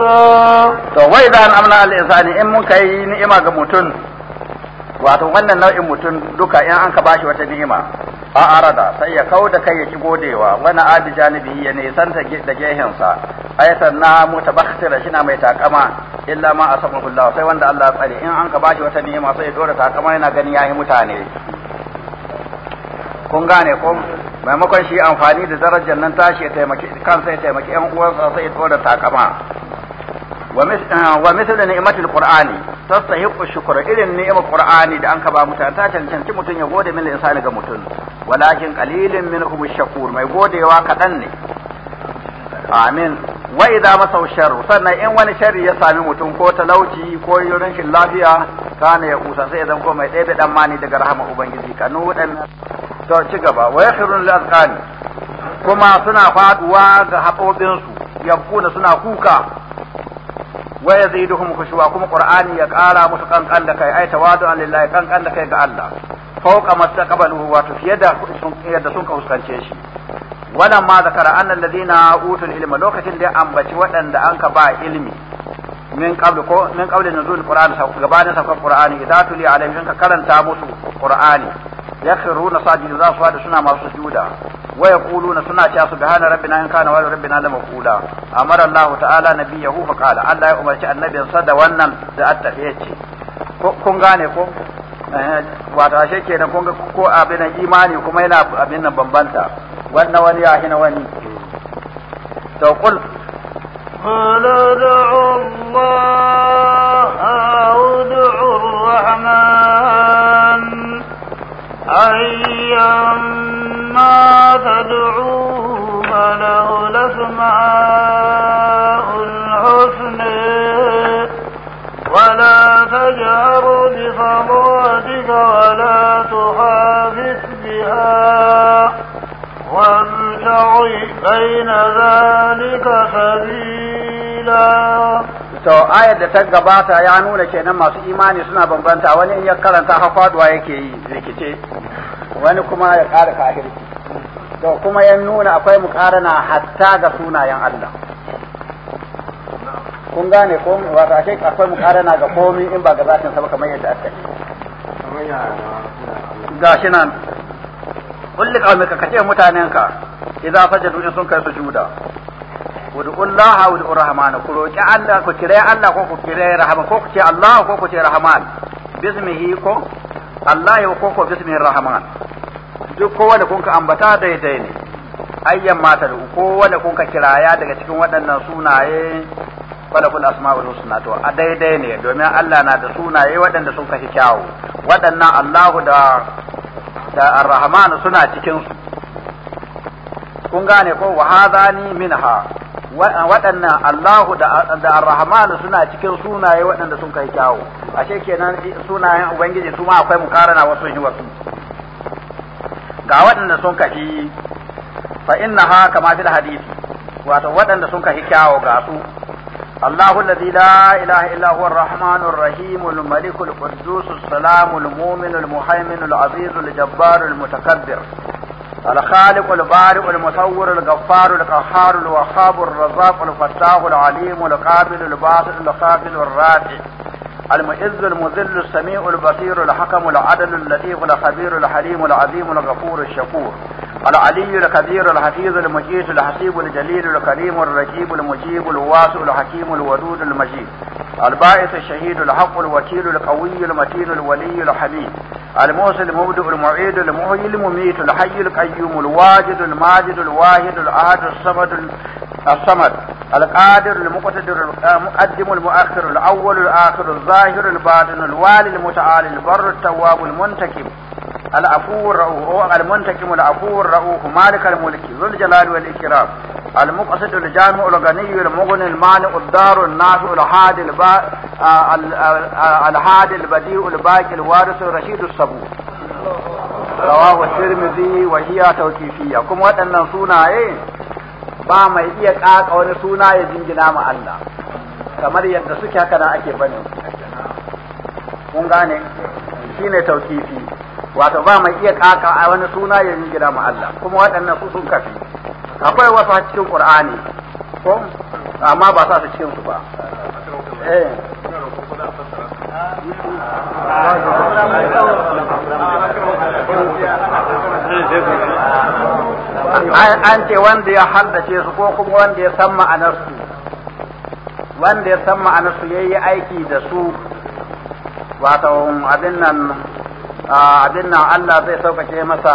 to wai da an amna al insani in mun kai ni'ima ga mutum wato wannan nau'in mutum duka in an ka bashi wata ni'ima a arada sai ya kau da kai ya ci godewa wani adi janibi ya nisanta da gehensa ayatan na mutabakhtira shi na mai takama illa ma asabahu sai wanda Allah ya tsare in an ka bashi wata ni'ima sai ya dora takama yana gani yayi mutane kun gane ko maimakon shi amfani da darajar nan tashi ya taimaki kansa ya taimaki yan uwansa sai ya dora takama Ah, wa mislu ni'matul qur'ani tastahiqu shukr irin ni'imar qur'ani da anka ba mutane ta cancanci mutum ya gode min insani ga mutum walakin kalilin minhum shakur mai godewa kaɗan ne amin Wa'iza idza masau sharru sannan in wani sharri ya sami mutum ko talauci ko rashin lafiya kana ya kusa sai zan ko mai ɗebe dan mani daga rahama ubangiji kanu dan to ci gaba wa yakhrun lil azqani kuma suna faduwa ga haƙoƙinsu yabkuna suna kuka zai yaziduhum khushu'a kuma qur'ani ya kara musu kankan da kai ai tawadu'an lillahi kankan da kai ga Allah fawqa mastaqbaluhu wa fiye da sun yadda sun fuskance shi wannan ma zakara anna alladhina utul ilma lokacin da ya ambaci waɗanda an ka ba ilmi min qabl ko min qabl nuzul qur'an gabanin saukar qur'ani idza tuli alaihim ka karanta musu qur'ani yakfiruna sajidin za su da suna masu sujuda wa yaquluna suna cewa subhana rabbina in kana wa rabbina la maqula amara Allah ta'ala nabiyahu fa qala Allah ya umarci annabinsa da wannan da attafe yace kun gane ko eh, wato ashe kenan kun ga ko abin imani kuma yana abin nan bambanta wannan wani ya hina wani to qul قل ادعوا الله أو الرحمن أيما تدعوه فله الأسماء الحسنى ولا تجهر بصلاتك ولا تخافت بها وابتغ بين ذلك سبيلا to ayar da ta gabata ya nuna kenan masu imani suna bambanta wani in ya karanta hafaduwa yake yi rikice wani kuma ya ƙara kafirci to kuma ya nuna akwai mukarana hatta ga sunayen Allah kun gane ko wato ce akwai mukarana ga komai in ba ga zatin sa kamar yadda aka yi gashi nan kullu ka kace mutanen ka idza sajadu sun kai sujuda wad'u Allah Rahman ku roki Allah ku kire Allah ko ku kire Rahman ko ku ce Allah ko ku ce Rahman bismihi ko Allah ya ko ko bismihi Rahman duk ko wanda kun ka ambata daidai ne ayyan mata da ko wanda kun ka kiraya daga cikin waɗannan sunaye falakul asma'ul husna to a daidai ne domin Allah na da sunaye waɗanda sun kashi kyawu waɗannan Allahu da da arrahman rahman suna cikin su kun gane ko wa hadani minha waɗannan Allahu da Ar-Rahmanu suna cikin sunaye waɗanda sun kai kyawo. ashe kenan sunayen Ubangiji su ma akwai mukarana wasu yi wasu ga waɗanda sun kafi fa innaha kama fil hadisi wato waɗanda sun kafi kyawo ga su Allahu alladhi la ilaha illa huwa ar-rahmanu rahim al-malik al-quddus as-salam al-mu'min al-muhaymin al-aziz al-jabbar al-mutakabbir الخالق البارئ المصور الغفار القهار الوهاب الرزاق الفتاح العليم القابل الباطل القابل الرافع المعز المذل السميع البصير الحكم العدل اللطيف الخبير الحليم العظيم الغفور الشكور العلي الكبير الحفيظ المجيد الحسيب الجليل الكريم الرجيب المجيب الواسع الحكيم الودود المجيد الباعث الشهيد الحق الوكيل القوي المتين الولي الحميد الموصل المبدئ المعيد المحيي المميت الحي القيوم الواجد الماجد الواحد الأحد الصمد الصمد القادر المقتدر المقدم المؤخر الأول الآخر الظاهر الباطن الوالي المتعالي البر التواب المنتكب العفو الرؤوف المنتكم العفو الرؤوف مالك الملك ذو الجلال والإكرام المقصد الجامع الغني المغني المانع الدار النافع الهادي البا... الهادي البديع الباقي الوارث الرشيد الصبور رواه الترمذي وهي توقيفية كم waɗannan sunaye ba mai iya ƙaƙa wani suna ya jingina ma Allah kamar yadda suke haka nan ake bane kun gane shine tauqifi wato ba mai iya ƙaƙa wani suna ya jingina ma Allah kuma waɗannan su sun kafi akwai wasu a cikin qur'ani ko amma ba sa su cikin su ba eh. an ce wanda ya haddace su ko kuma wanda ya san su wanda ya san ma'anarsu ya yi aiki da su wato abin nan abin nan Allah zai sauƙaƙe masa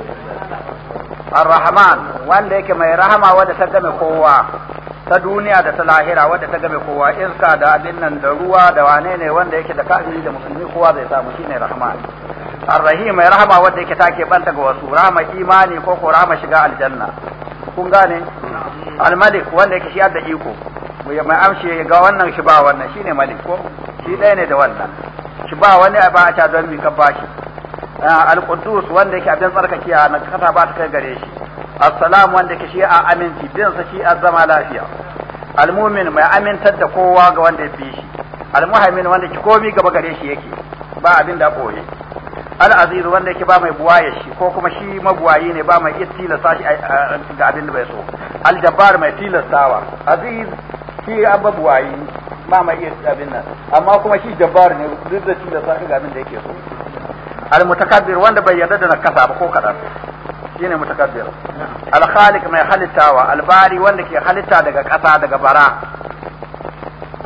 Ar-Rahman wanda yake mai rahama wadda ta game kowa ta duniya da ta lahira wadda ta game kowa iska da abin nan da ruwa da wane ne wanda yake da kafiri da musulmi kowa zai samu shine Rahman ar mai rahama wadda yake take banta ga wasu rahama imani ko ko rahama shiga aljanna kun gane Al-Malik wanda yake shi da iko mai amshi ga wannan shi ba wannan shine Malik ko shi ɗaya ne da wannan shi ba wani ba a ta don mi ka bashi al-qudus wanda yake abin tsarkakiya na kasa ba ta kai gare shi assalam wanda yake shi a aminci bin sa shi a zama lafiya al-mu'min mai amintar da kowa ga wanda ya fi shi al-muhaimin wanda yake komi gaba gare shi yake ba abin da boye al-aziz wanda yake ba mai buwaye shi ko kuma shi mabuwayi ne ba mai tilasta shi ga abin da bai so al-jabbar mai tilastawa aziz shi abba buwayi ba mai iya abin nan amma kuma shi jabbar ne duk da tilasta ga abin da yake so al mutakabbir wanda bai yarda da nakasa ba ko kadan shine mutakabbir al khaliq mai halittawa al bari wanda ke halitta daga kasa daga bara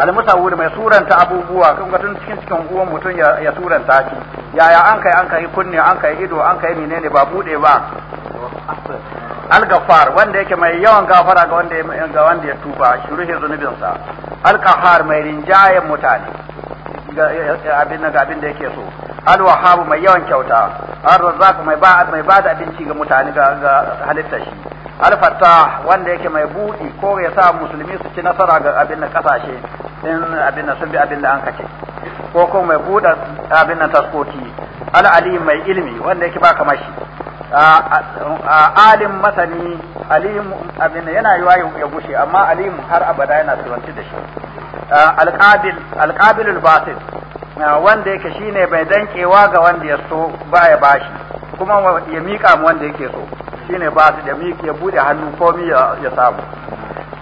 al musawwir mai suranta abubuwa kun ga cikin cikin mutum ya suranta shi yaya an kai an kai kunne an kai ido an kai menene ba buɗe ba al-ghaffar wanda yake mai yawan gafara ga wanda ga wanda ya tuba shuruhi zunubinsa al-qahhar mai rinjayen mutane abin na abin da yake so al-wahhab mai yawan kyauta ar-razzaq mai ba mai ba da abinci ga mutane ga halitta shi al-fattah wanda yake mai budi ko ya sa musulmi su ci nasara ga abin na kasashe in abin na sun bi abin da an kace ko ko mai buda abin na taskoti al-alim mai ilimi wanda yake ba kamar shi alim masani alim abin yana yiwa ya gushe amma alim har abada yana tsiranci da shi alƙabilul batil wanda yake shine mai dankewa ga wanda ya so ya bashi kuma ya miƙa mu wanda yake so shine batil ya miƙe ya bude hannu komi ya samu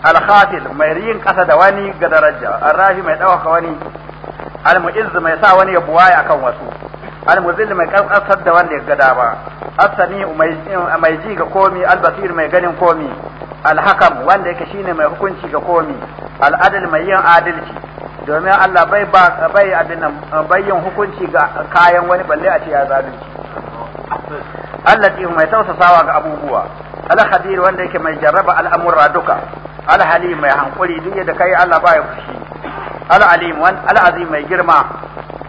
alhatil mai yin ƙasa da wani ga daraja arrahi mai ɗaukaka wani almu'izz mai sa wani ya buwaya akan wasu almuzil mai ƙasar da wanda ya gada ba asani mai ji ga komi albasir mai ganin komi alhakam wanda yake shine mai hukunci ga komi al'adal mai yin adalci domin Allah bai ba bai abin nan bai yin hukunci ga kayan wani balle a ce ya zalunci Allah ce mai tausasawa ga abubuwa al-khadir wanda yake mai jarraba al'amurra duka al-halim mai hankuri duk yadda kai Allah ba ya fushi al-alim wan al-azim mai girma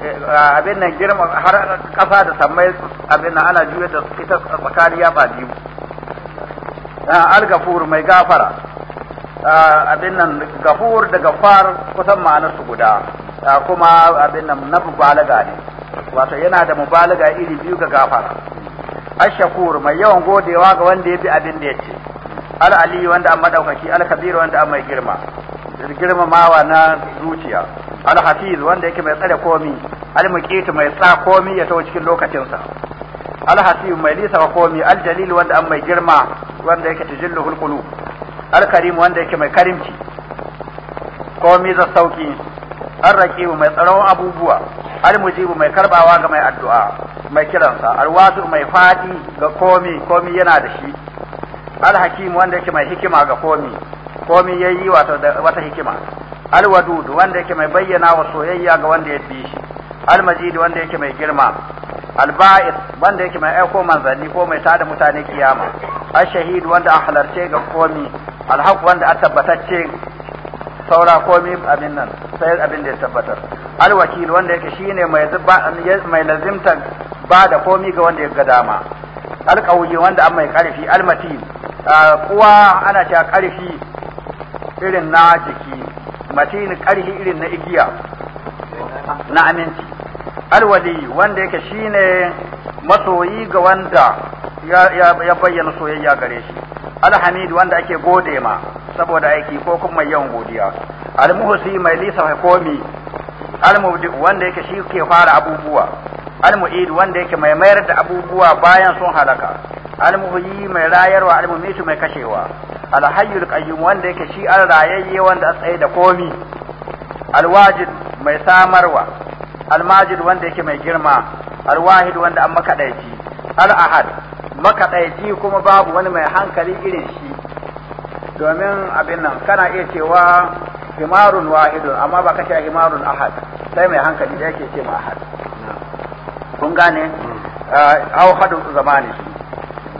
eh, abin nan girma har kasa da sammai abin nan ana juya da ita tsakaniya ba biyu ah, al-gafur mai gafara Ah, abin nan gafur da gafar kusan ma'anar su guda ah, kuma abin nan na mubalaga ne wato yana da mubalaga iri biyu ga gafara ashakur mai yawan godewa ga wanda ya bi abin da ya ce al-ali wanda an madaukaki al-kabir wanda an mai girma girmamawa na zuciya al-hafiz wanda yake mai tsare komi al-muqit mai tsa komi ya tawo cikin lokacinsa al-hasib mai lisa komi al-jalil wanda an mai girma wanda yake tajilluhul qulub alkarim wanda yake mai karimci komi za sauki arraqibu mai tsaron abubuwa almujibu mai karbawa ga mai addu'a mai kiransa alwasu mai fadi ga komi komi yana da shi alhakim wanda yake mai hikima ga komi komi yayi wata wata hikima alwadudu wanda yake mai bayyana wa soyayya ga wanda ya bi shi almajid wanda yake mai girma alba'is wanda yake mai aiko manzanni ko mai tada mutane kiyama ashahid wanda a halarce ga komi alhaq wanda a tabbatacce saura komi abin nan sai abin da ya tabbatar alwakil wanda yake shine mai mai lazimta ba da komi ga wanda ya ga dama alqawi wanda an mai karfi almatin ah, kuwa ana cewa karfi irin na jiki matin karfi irin na igiya na aminci alwali wanda yake shine masoyi ga wanda ya bayyana soyayya gare shi alhamid wanda ake gode ma saboda aiki ko kuma yawan godiya almuhsi mai lisa komi almubdi wanda yake shi ke fara abubuwa almu'id wanda yake mai mayar da abubuwa bayan sun halaka almuhyi mai rayarwa almumitu mai kashewa alhayyul qayyum wanda yake shi an rayayye wanda a tsaye da komi alwajid mai samarwa almajid wanda yake mai girma alwahid wanda an makadaici al-ahad makadaici kuma babu wani mai hankali irin shi domin abin nan kana iya cewa himarun wahidun amma ba ka ce himarun ahad sai mai hankali da yake ce ma ahad kun gane hmm. ah, au hadu zamani shi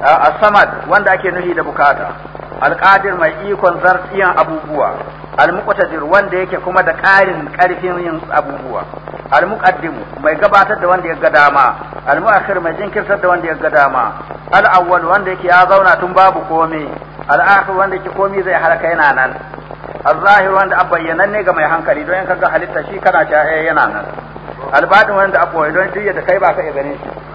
ah, a samad wanda ake nuhi da bukata alƙadir mai ikon zartiyan abubuwa almuqtadir wanda yake kuma da ƙarin ƙarfin yin abubuwa almuqaddimu mai gabatar da wanda ya ga dama almuakhir mai jinkirtar da wanda ya ga dama alawwal wanda yake ya zauna tun babu komai alakhir wanda yake komai zai halaka yana nan wanda ne ga mai hankali don in kaga halitta shi kana يحنكلي eh, yana nan حلت wanda كنا جاء ينانا البعض وند kai دون تيجي ganin shi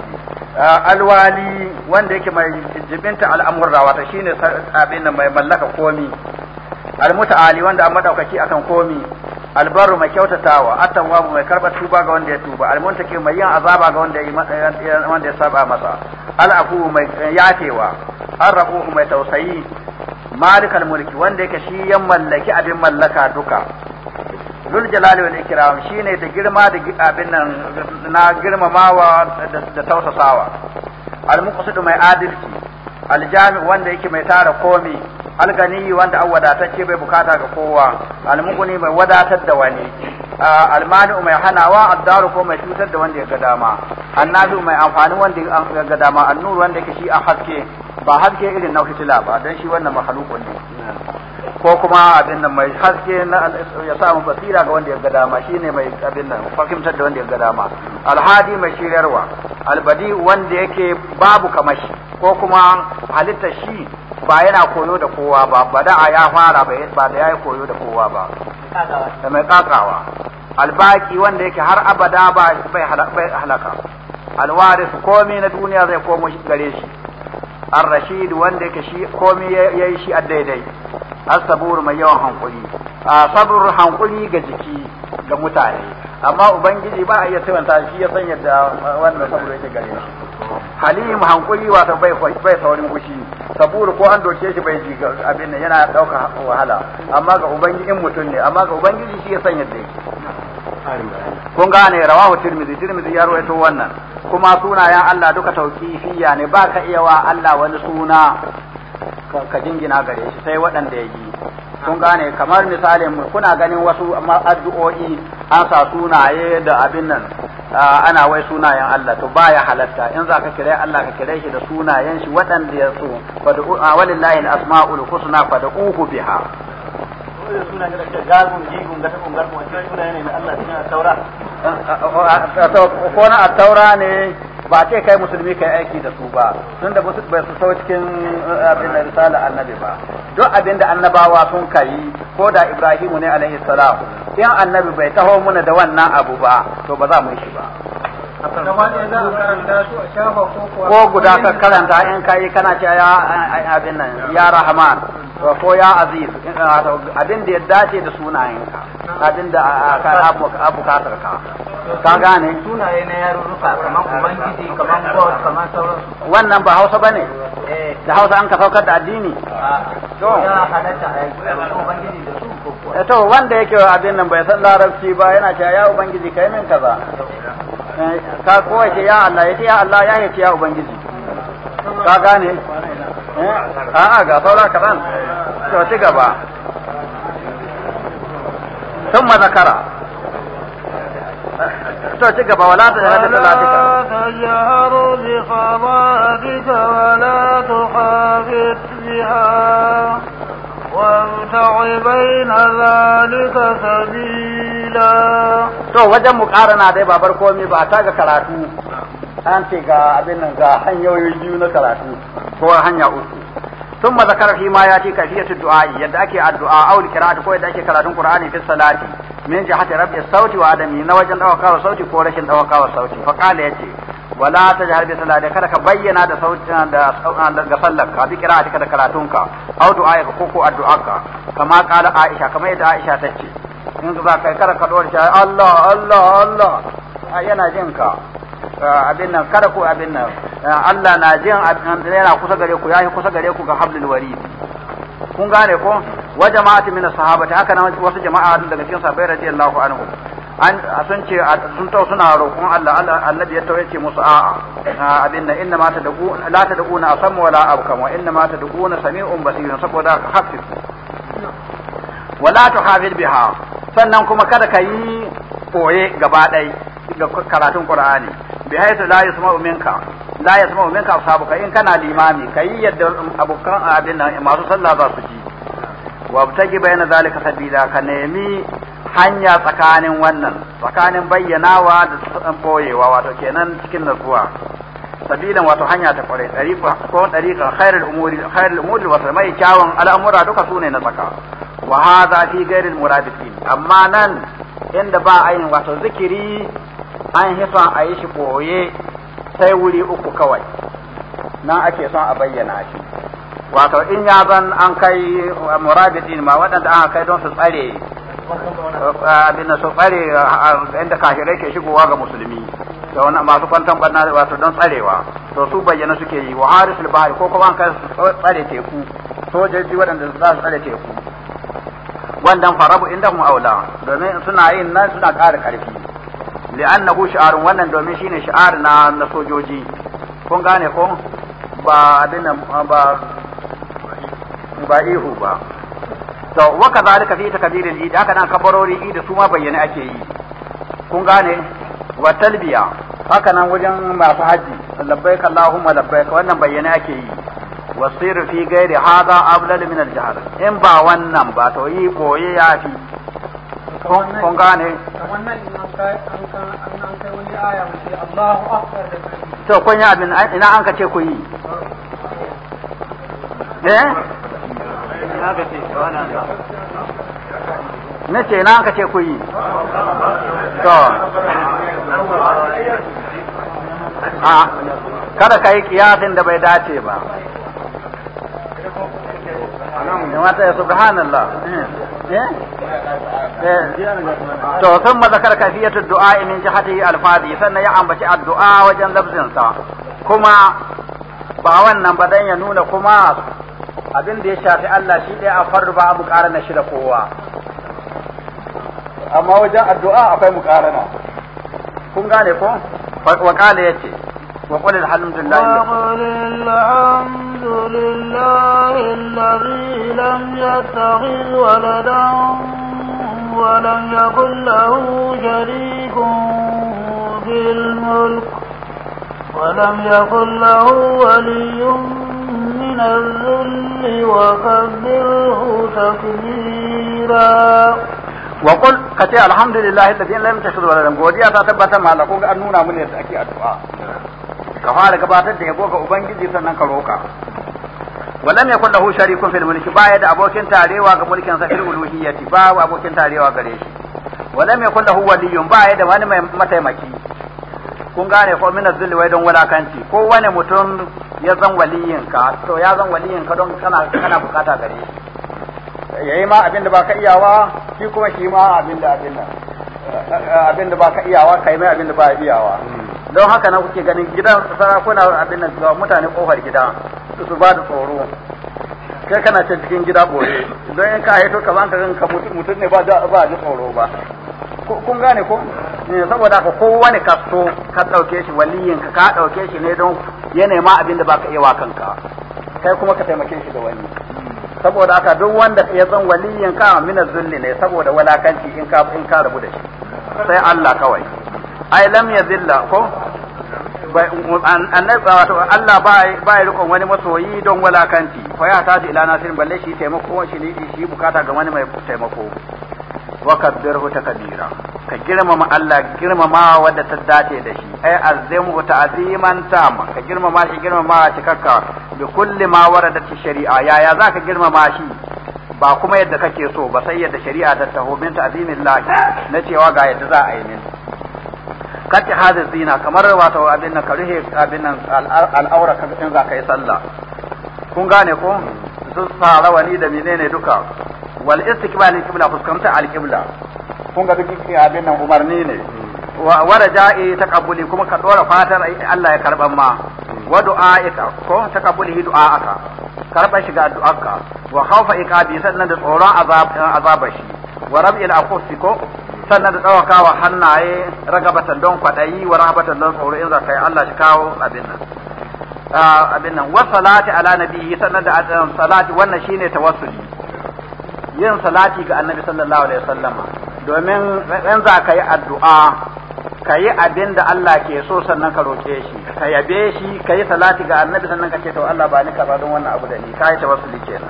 Ah, alwali wanda yake mai jibinta al'amurra wata shine abin da mai mallaka komi almuta'ali wanda an maɗaukaki akan komi albaru mai kyautatawa at mai karbar tuba ga wanda ya tuba almuntaki mai yin azaba ga wanda ya wanda ya saba masa al'afu mai yafewa arraku mai tausayi malikal mulki wanda yake shi ya mallaki abin mallaka duka zul jalali wal ikram shine da girma da abin nan na girmamawa da tausasawa al muqsid mai adalci al jami wanda yake mai tara komi al gani wanda an wadatacce bai bukata ga kowa al muguni mai wadatar da wani al mani mai hanawa al daru ko mai cutar da wanda ya ga dama annabi mai amfani wanda ya ga dama an nur wanda yake shi a haske ba haske irin na fitila ba dan shi wannan mahalukun ne ko kuma abin nan mai haske na ya samu basira ga wanda ya ga dama shine mai abin nan fahimtar da wanda ya ga dama alhadi mai shiryarwa albadi wanda yake babu kamashi ko kuma halitta shi ba yana koyo da kowa ba bada'a ya fara ba da yayi koyo da kowa ba da mai kakawa albaki wanda yake har abada ba bai halaka alwaris komai na duniya zai komo gare shi ar-rashid wanda yake shi komai yayi shi a daidai asabur mai yawan hankuli a sabur hankuli ga jiki ga mutane amma ubangiji ba a iya siranta shi ya san yadda wannan sabur yake gare shi halim hankuli wato bai bai saurin fushi sabur ko an doke shi bai ji abin yana dauka wahala amma ga ubangiji in mutum ne amma ga ubangiji shi ya san yadda yake kun gane rawahu tirmidhi tirmidhi ya rawaito wannan kuma sunayen Allah duka fiya ne ba ka iya wa Allah wani suna ka jingina gare shi sai waɗanda ya yi kun gane kamar misalin kuna ganin wasu addu'o'i an sa sunaye da abin nan ana wai sunayen Allah to baya halatta in za ka kira Allah ka kira shi da sunayen shi waɗanda ya so walillahi al-asma'ul husna fad'uhu biha ko na at ne ba ce kai musulmi kai aiki da su ba tun da musu bai su sau cikin eh, abin da risala annabi ba duk abin da annabawa sun kai ko da ibrahimu ne alaihi salam in annabi bai taho muna da wannan abu ba to ba za mu yi shi ba ko guda ka karanta in kai kana ce ya eh, abin nan ya rahman ko ya aziz eh, abin da ya dace da sunayen ka abin da eh, ka abu ka sarka ka gane sunaye na yarurruka kamar gidi kamar god kamar sauransu wannan ba hausa bane da hausa an ka saukar da addini ah, to ya halatta a ubangiji da su ko to wanda yake abin nan bai san larabci ba yana cewa ya ubangiji kai min kaza ka kowa ce ya Allah ya ce ya Allah ya ce ya ubangiji ka gane eh, a'a ga saura kaɗan to ci gaba sun mazakara to ci gaba wala ta jahara bi salatika تجهر بصلاتك ولا تخافت بها وابتغ بين ذلك سبيلا to wajen na dai babar komai ba ta ga karatu an ce ga abin nan ga hanyoyi biyu na karatu ko hanya uku sun ma zakar fi ma ya ce ka fiye su du'a'i yadda ake addu'a aw kira ko yadda ake karatun qur'ani fi salati min jihati rabbi sauti wa adami na wajen dawakawa sauti ko rashin dawakawa sauti fa ya ce wala tajhar bi salati kada ka bayyana da sauti da ga sallarka bi ka da karatunka aw du'a'ika ko ko ka kama kala aisha kama yadda aisha ta ce. yanzu ba kai kada ka dore shi Allah Allah Allah yana jin ka abin nan kada ku abin nan Allah na jin yana kusa gare ku yayi kusa gare ku ga hablul warid kun gane ko wa jama'atu min sahabati haka nan wasu jama'a daga cikin sahabbai radiyallahu anhu an sun ce sun tau suna roƙon Allah allah ya tauye ce musu a'a abin nan inna ma tadqu la tadquna asam wala abkam wa inna ma tadquna sami'un basirun saboda hafiz wala tuhafid biha sannan kuma kada ka yi koye gaba ɗai ga karatun qur'ani bi haythu la yasma'u minka la yasma'u minka ashabuka in kana limami kai yadda abukan abin nan masu sallah za su ji wa btaji bayna zalika sabila ka nemi hanya tsakanin wannan tsakanin bayyanawa da boyewa wato kenan cikin nutsuwa sabilan wato hanya ta kware dariqa ko dariqa khairul umuri khairul umuri wa samai kyawun al'amura duka sune na tsaka wa hadha fi ghairil muradifi amma nan inda ba ayin wato zikiri an hisan a yi shi boye sai wuri uku kawai nan ake son a bayyana shi wato in ya zan an kai murabidin ma waɗanda an kai don su tsare abin da su tsare inda kafirai ke shigowa ga musulmi da wani masu kwantan barna wato don tsarewa to su bayyana suke yi wa harisul bahari ko kuma an kai tsare teku sojoji waɗanda za su tsare teku wannan farabu mu aula domin suna yin nan suna ƙara ƙarfi li'annahu shi'arun wannan domin shine shi'ar na na sojoji kun gane ko ba abin nan ba ba ihu ba to wa kadhalika fi takbiril eid haka nan kabarori eid su ma bayyane ake yi kun gane wa talbiya haka nan wajen masu haji labbaik allahumma labbaik wannan bayyane ake yi wasir fi gairi haza ablal min al in ba wannan ba to yi koye ya fi kun gane wannan an an kai wani aya wace Allahu akbar da to kun yi abin ina an ka ce ku yi eh ina ce wannan na ce na ka ce ku yi to a ah, kada ka yi kiyasin da bai dace ba جماعة سبحان الله to sun mazakar kafiyatu du'a min jihati alfadi sannan ya ambaci addu'a wajen sa. kuma ba wannan ba dan ya nuna kuma abin da ya shafi Allah shi ɗaya a farru ba mu na shi da kowa amma wajen addu'a akwai mu na kun gane ko wa kale yace وقل الحمد لله وقل الحمد لله الذي لم يتخذ ولدا ولم يكن له شريك في الملك ولم يكن له ولي من الذل وكبره تكبيرا وقل كتير الحمد لله الذي لم يتخذ ولدا godiya تبت tabbata malaku ga من يتأكي الدعاء ka fara gabatar da yabo ga ubangiji sannan ka roka walam yakun lahu sharikun fil mulki baya da abokin tarewa ga mulkin sa fil uluhiyyati ba abokin tarewa gare shi walam yakun lahu waliyyun baya da wani mai mataimaki kun gane ko min azzul wa don kanti. ko wani mutum ya zan waliyin ka to ya zan waliyin ka don kana kana bukata gare shi yayi ma abin da baka iyawa shi kuma shi ma abin da abin da abin da baka iyawa kai mai abin da ba iyawa hmm. don haka na kuke ganin gidan sarakuna abin nan ga mutane kofar gida su ba da tsoro kai kana can cikin gida bore don in ka haito ka zanka ka mutum ne ba ba ji tsoro ba kun gane ko eh, saboda ka kowane kaso ka dauke shi waliyin ka ka dauke shi ne don yana ma abin da baka iya wa kanka kai kuma ka taimake shi da wani saboda haka duk wanda ya zan waliyin ka mina zulli ne saboda walakanci in ka in ka rabu da shi sai Allah kawai ai lam yadilla ko annabi wato Allah ba ya rikon wani masoyi don walakanci fa ya taji ila nasirin balle shi taimako shi ne shi bukata ga wani mai taimako wa kabbirhu takbira ka girmama Allah girmama wanda ta dace da shi ai azimhu ta'ziman tama ka girmama shi girmama cikakka bi kulli ma warada shari'a yaya zaka girmama shi ba kuma yadda kake so ba sai yadda shari'a ta taho min ta'zimin na cewa ga yadda za a yi min kati hadis zina kamar wato abin nan ka abin nan al'aura ka in za ka yi sallah kun gane ko su fara wani da menene duka wal istiqbal al-qibla fuskanta al-qibla kun ga duk abin nan umarni ne wa raja'i taqabbuli kuma ka dora fatar Allah ya karban ma wa du'a'ika ko taqabbulihi du'a'aka karban shiga du'arka wa khawfa iqabi sannan da tsoron azab azabashi wa rab'il aqusi ko sannan da tsawakawa hannaye ragabatan don kwaɗayi wa rahabatan don tsoro in za ka yi Allah shi kawo abin nan ah, abin nan wa salati ala nabiyyi sannan da ah, salati wannan shine tawassuli yin salati ga annabi sallallahu alaihi sallama domin in za ka yi addu'a ka yi abin da Allah ke so sannan ka roƙe shi ka yabe shi ka yi salati ga annabi sannan ka ce to Allah ba ni kaza don wannan abu da ni ka yi tawassuli kenan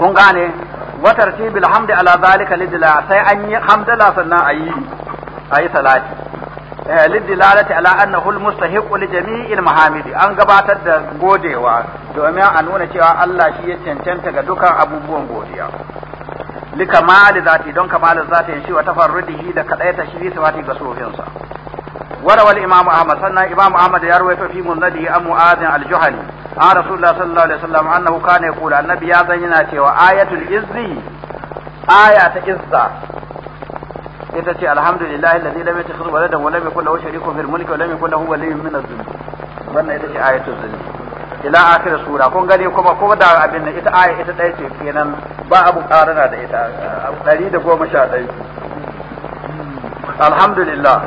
kun gane Watar tartibil hamdi ala zalika lidila sai an yi hamdala sannan a yi salati eh, lidilalati ala hul almustahiq li jami'il mahamidi an gabatar da godewa domin a nuna cewa Allah shi ya cancanta ga dukan abubuwan godiya likamali zati don kamali zati shi wa tafarrudihi da kadaita shi sifati ga sofinsa وروى sannan imam ahmad ya أحمد يروي في منذره أم Al-Juhani. an rasulullah sallallahu alaihi wasallam annahu kana yaqulu annabi ya zan yana cewa ayatul izzi aya ta izza ita ce alhamdulillahi alladhi lam yattakhidh waladan wa lam yakul lahu sharikun fil mulki wa lam yakul lahu waliyyun min adh-dhulm wannan ita ce ayatul zulm ila akhir sura kun gani kuma ko da abin nan ita aya ita ɗaya ce kenan ba abu karana da ita 111 الحمد لله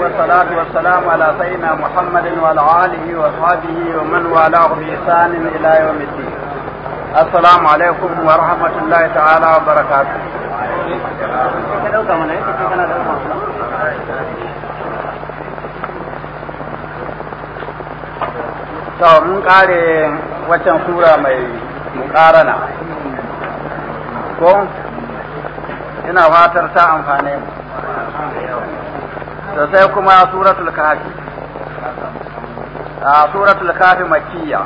والصلاة والسلام على سيدنا محمد وعلى آله وصحبه ومن والاه بإحسان إلى يوم الدين السلام عليكم ورحمة الله تعالى وبركاته to mun kare waccan sura mai mukarana ko ina fatar ta amfane mu da sai kuma suratul kafi a suratul kafi makkiya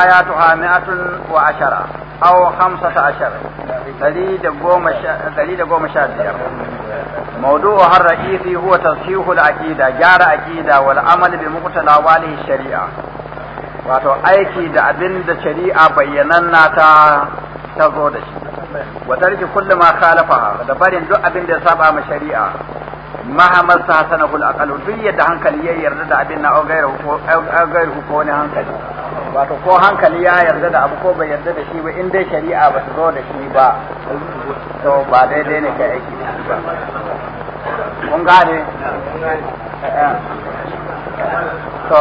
ayatu hamiatun wa ashara aw khamsata ashara dari da goma dari da goma sha biyar موضوع الرئيسي هو تصحيح العقيدة جار عقيدة والعمل بمقتضى واله shari'a wato aiki da abin da shari'a bayyananna ta ta zo da shi wa tarki kullu ma khalafa da barin duk abin da ya saba ma shari'a mahamar sa sanahul aqalu duk yadda hankali ya yarda da abin na gairu ko gairu ko wani hankali wato ko hankali ya yarda da abu ko bai yarda da shi ba in dai shari'a ba ta zo da shi ba to ba daidai ne kai aiki da ba kun gane to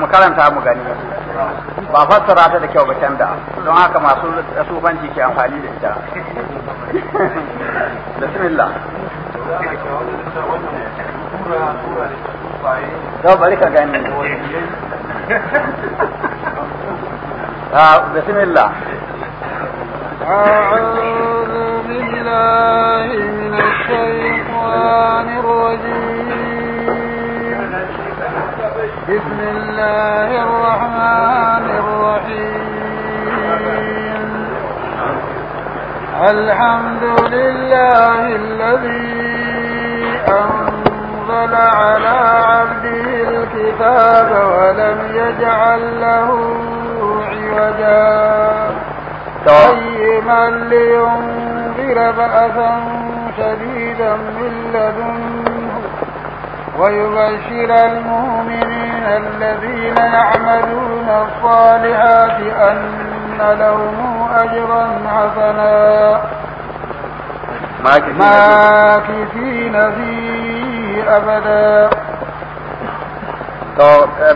mu karanta mu gani ba fassara ta da kyau ba canza don haka masu sufanci ke amfani da ita bismillah to bari ka gani ah, bismillah أعوذ بالله من الشيطان الرجيم بسم الله الرحمن الرحيم الحمد لله الذي أنزل على عبده الكتاب ولم يجعل له عوجا قيما لينذر بأسا شديدا من لدنه ويبشر المؤمنين الذين يعملون الصالحات أن لهم أجرا حسنا ماكثين فيه أبدا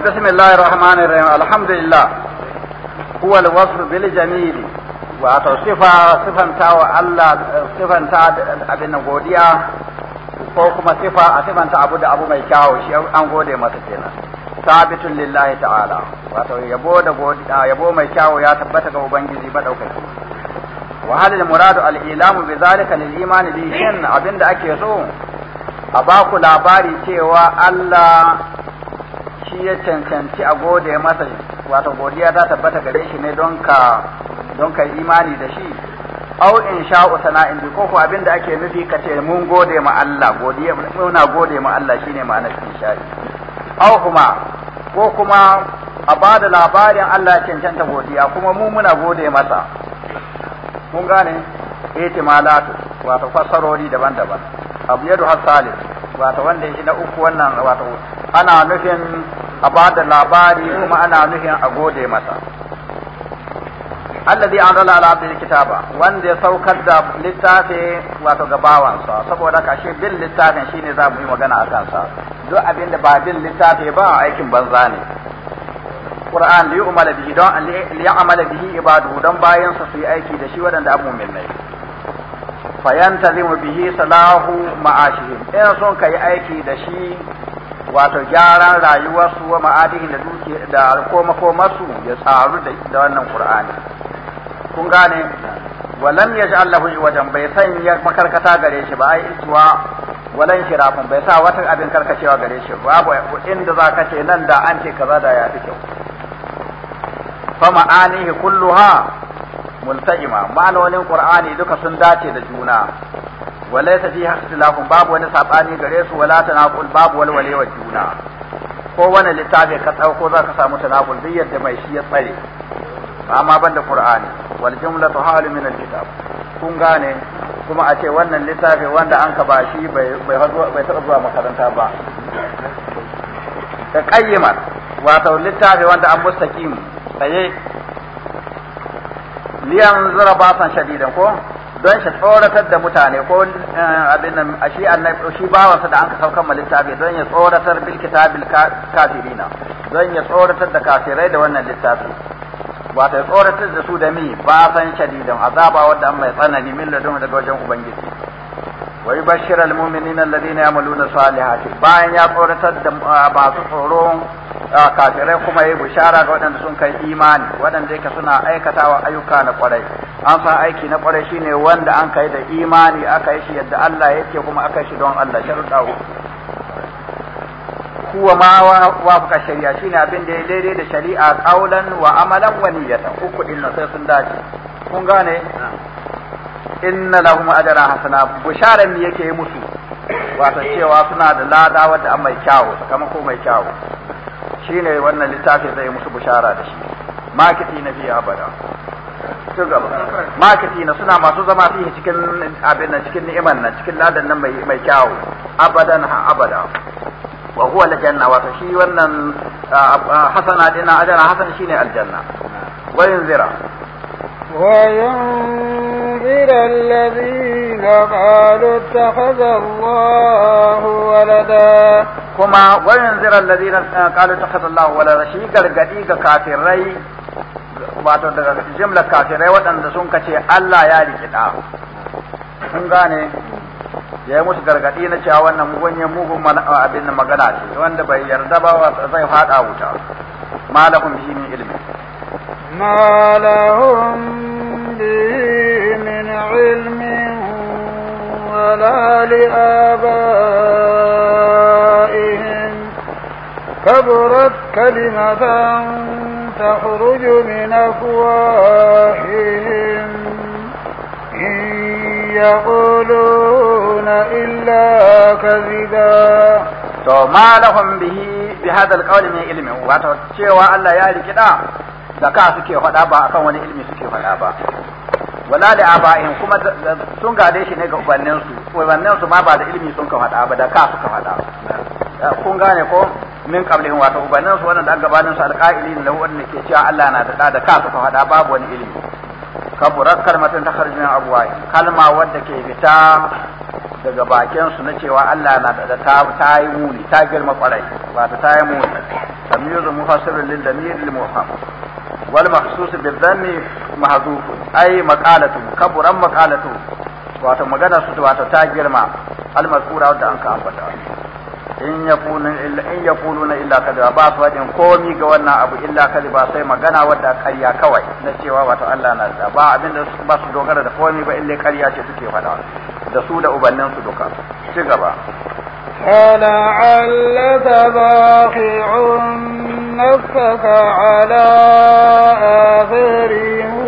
بسم الله الرحمن الرحيم الحمد لله هو الوصف بالجميل وأعطى صفة صفة wa صفة sifanta أبن godiya ko kuma sifa a sifanta abu da abu mai kyawo shi an gode masa kenan sabitun lillahi ta'ala wato yabo da godiya yabo mai kyawo ya tabbata ga ubangiji madaukaki wa halil muradu al ilamu bi zalika lil imani bi shin abinda ake so a ba ku labari cewa Allah shi ya cancanci a gode masa wato godiya ta tabbata gare shi ne don ka don ka imani da shi au in usana sana'in ko ko abinda ake nufi kace mun gode ma Allah godiya muna gode ma Allah shine ma'anar insha'i au kuma ko kuma a bada labarin Allah cancanta godiya kuma mu muna gode masa kun gane ihtimalatu wato fasarori daban-daban abu yadu hasalis wato wanda shi na uku wannan wato ana nufin a bada labari kuma ana nufin a gode masa alladhi anzala ala abdil kitaba wanda ya saukar da littafi wato ga bawansa saboda kashe bin littafin shine za mu yi magana a kansa duk abin da ba bin littafi ba aikin banza ne qur'an li umala bihi don li ya'mala bihi ibadu don bayan sa su yi aiki da shi wadanda an mu'minai fayantazimu bihi salahu ma'ashihim in sun kai aiki da shi wato gyaran rayuwarsu wa ma'adihin da duke da ko masu ya tsaru da wannan qur'ani kun gane walam Allah lahu wajen bai sanya makarkata gare shi ba ai istiwa walan shirafin bai sa wata abin karkacewa gare shi babu inda za ka ce nan da an ce kaza da ya fi kyau fa ma'anihi kulluha multajima ma'anonin qur'ani duka sun dace da juna walaysa fihi ikhtilafun babu wani sabani gare su wala tanaqul babu walwale juna ko wani littafi ka tsauko za ka samu tanaqul duk yadda mai shi ya tsare amma banda qur'ani wal jumlatu halu min al kitab kun gane kuma a ce wannan littafi wanda an ka ba shi bai bai taɓa zuwa makaranta ba da qayyiman wato littafi wanda an mustaqim tsaye liyan zura basan shadidan ko don shi tsoratar da mutane ko eh, abin nan shi annabi shi bawa sa da an anka saukan littafi don ya tsoratar bil kitabil kafirina don ya tsoratar da kafirai da wannan littafi wato ta tsoratar da su da mi ba san shadidan azaba wanda an mai tsanani min ladun daga wajen ubangiji wa yubashshiral mu'minina alladhina ya'maluna salihati bayan ya tsoratar da ah, masu tsoro ah, kafirai kuma yayi bishara ga waɗanda sun kai imani waɗanda yake suna aikatawa ayyuka na kwarai an san aiki na kwarai shine wanda an kai da imani aka yi shi yadda Allah yake kuma aka yi shi don Allah sharuɗa kuwa ma wafuka shari'a shine abin da ya daidai da shari'a kaulan wa amalan wa niyyatan uku din sai sun dace kun gane inna lahum ajra hasana bisharan ne yake musu wato cewa suna da lada wadda an mai kyawu sakamako mai kyawu shine wannan littafi zai musu bishara da shi makiti na fiye abada ci gaba makiti na suna masu zama fiye cikin abin nan cikin ni'imar nan cikin ladan nan mai kyawu abadan ha abada wa huwa aljanna wato shi wannan hasana dina ajana hasan shine aljanna wa yunzira wa yunzira alladhina qalu ittakhadha Allahu walada kuma wa yunzira alladhina qalu ittakhadha Allahu walada shi gargadi ga kafirai wato daga jimlar kafirai waɗanda sun kace Allah ya riki da kun gane ya yi musu gargaɗi na cewa wannan mugunyan mugun abin magana ce wanda bai yarda ba zai haɗa wuta ma lahum bihi min ilmi ma lahum bihi min ilmin wala li abaihim kaburat kalimatan tahruju min afwahihim يقولون إلا كذبا to ma lahum bihi bi hadha alqawli min ilmi wato cewa Allah ya rikida da ka suke faɗa ba akan wani ilmi suke faɗa ba wala da aba'in kuma sun gade shi ne ga ubannin su ubannin su ma ba da ilmi sun ka faɗa ba da ka suka faɗa kun gane ko min qablihim wato ubannin su wannan da gabanin su alqa'ilin lahu wanda ke cewa Allah na da da ka suka faɗa babu wani ilmi kaburar kalmatin ta harjin abuwa kalma wadda ke fita daga su na cewa Allah na da ta yi muni ta girma kwarai ba ta ta yi muni tamizu mufassirin lil damir lil mufham wal mahsus bil dhanni mahdhuf ay maqalatu kaburan maqalatu wato magana su wato ta girma al mazkura wadda an ka ambata in yakunun illa in yakununa illa kadhiba ba su fadin komi ga wannan abu illa kadhiba sai magana wadda ƙarya kawai na cewa wato Allah na da ba abin da ba su dogara da komi ba illa karya ce suke faɗa da su da ubannin su duka ci gaba فلعلك باخع نفسك على آخرهم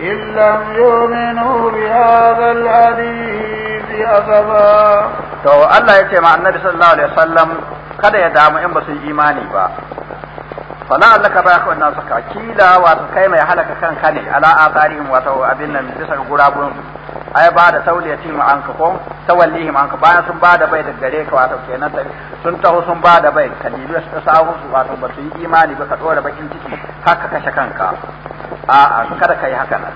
إن لم يؤمنوا بهذا الحديث azaba to Allah ya ce ma annabi sallallahu alaihi wasallam kada ya damu in ba su yi imani ba fala allaka ba ku wannan saka kila wato kai mai halaka kanka ne ala wa wato abin nan bisa gurabun ai ba da tawliyati ma an ka ko tawallihim an ka bayan sun ba da bai da gare ka wato kenan sun taho sun ba da bai kalilu su sahu su wato ba su imani ba ka dora bakin ciki haka kashe kanka a'a kada kai haka nan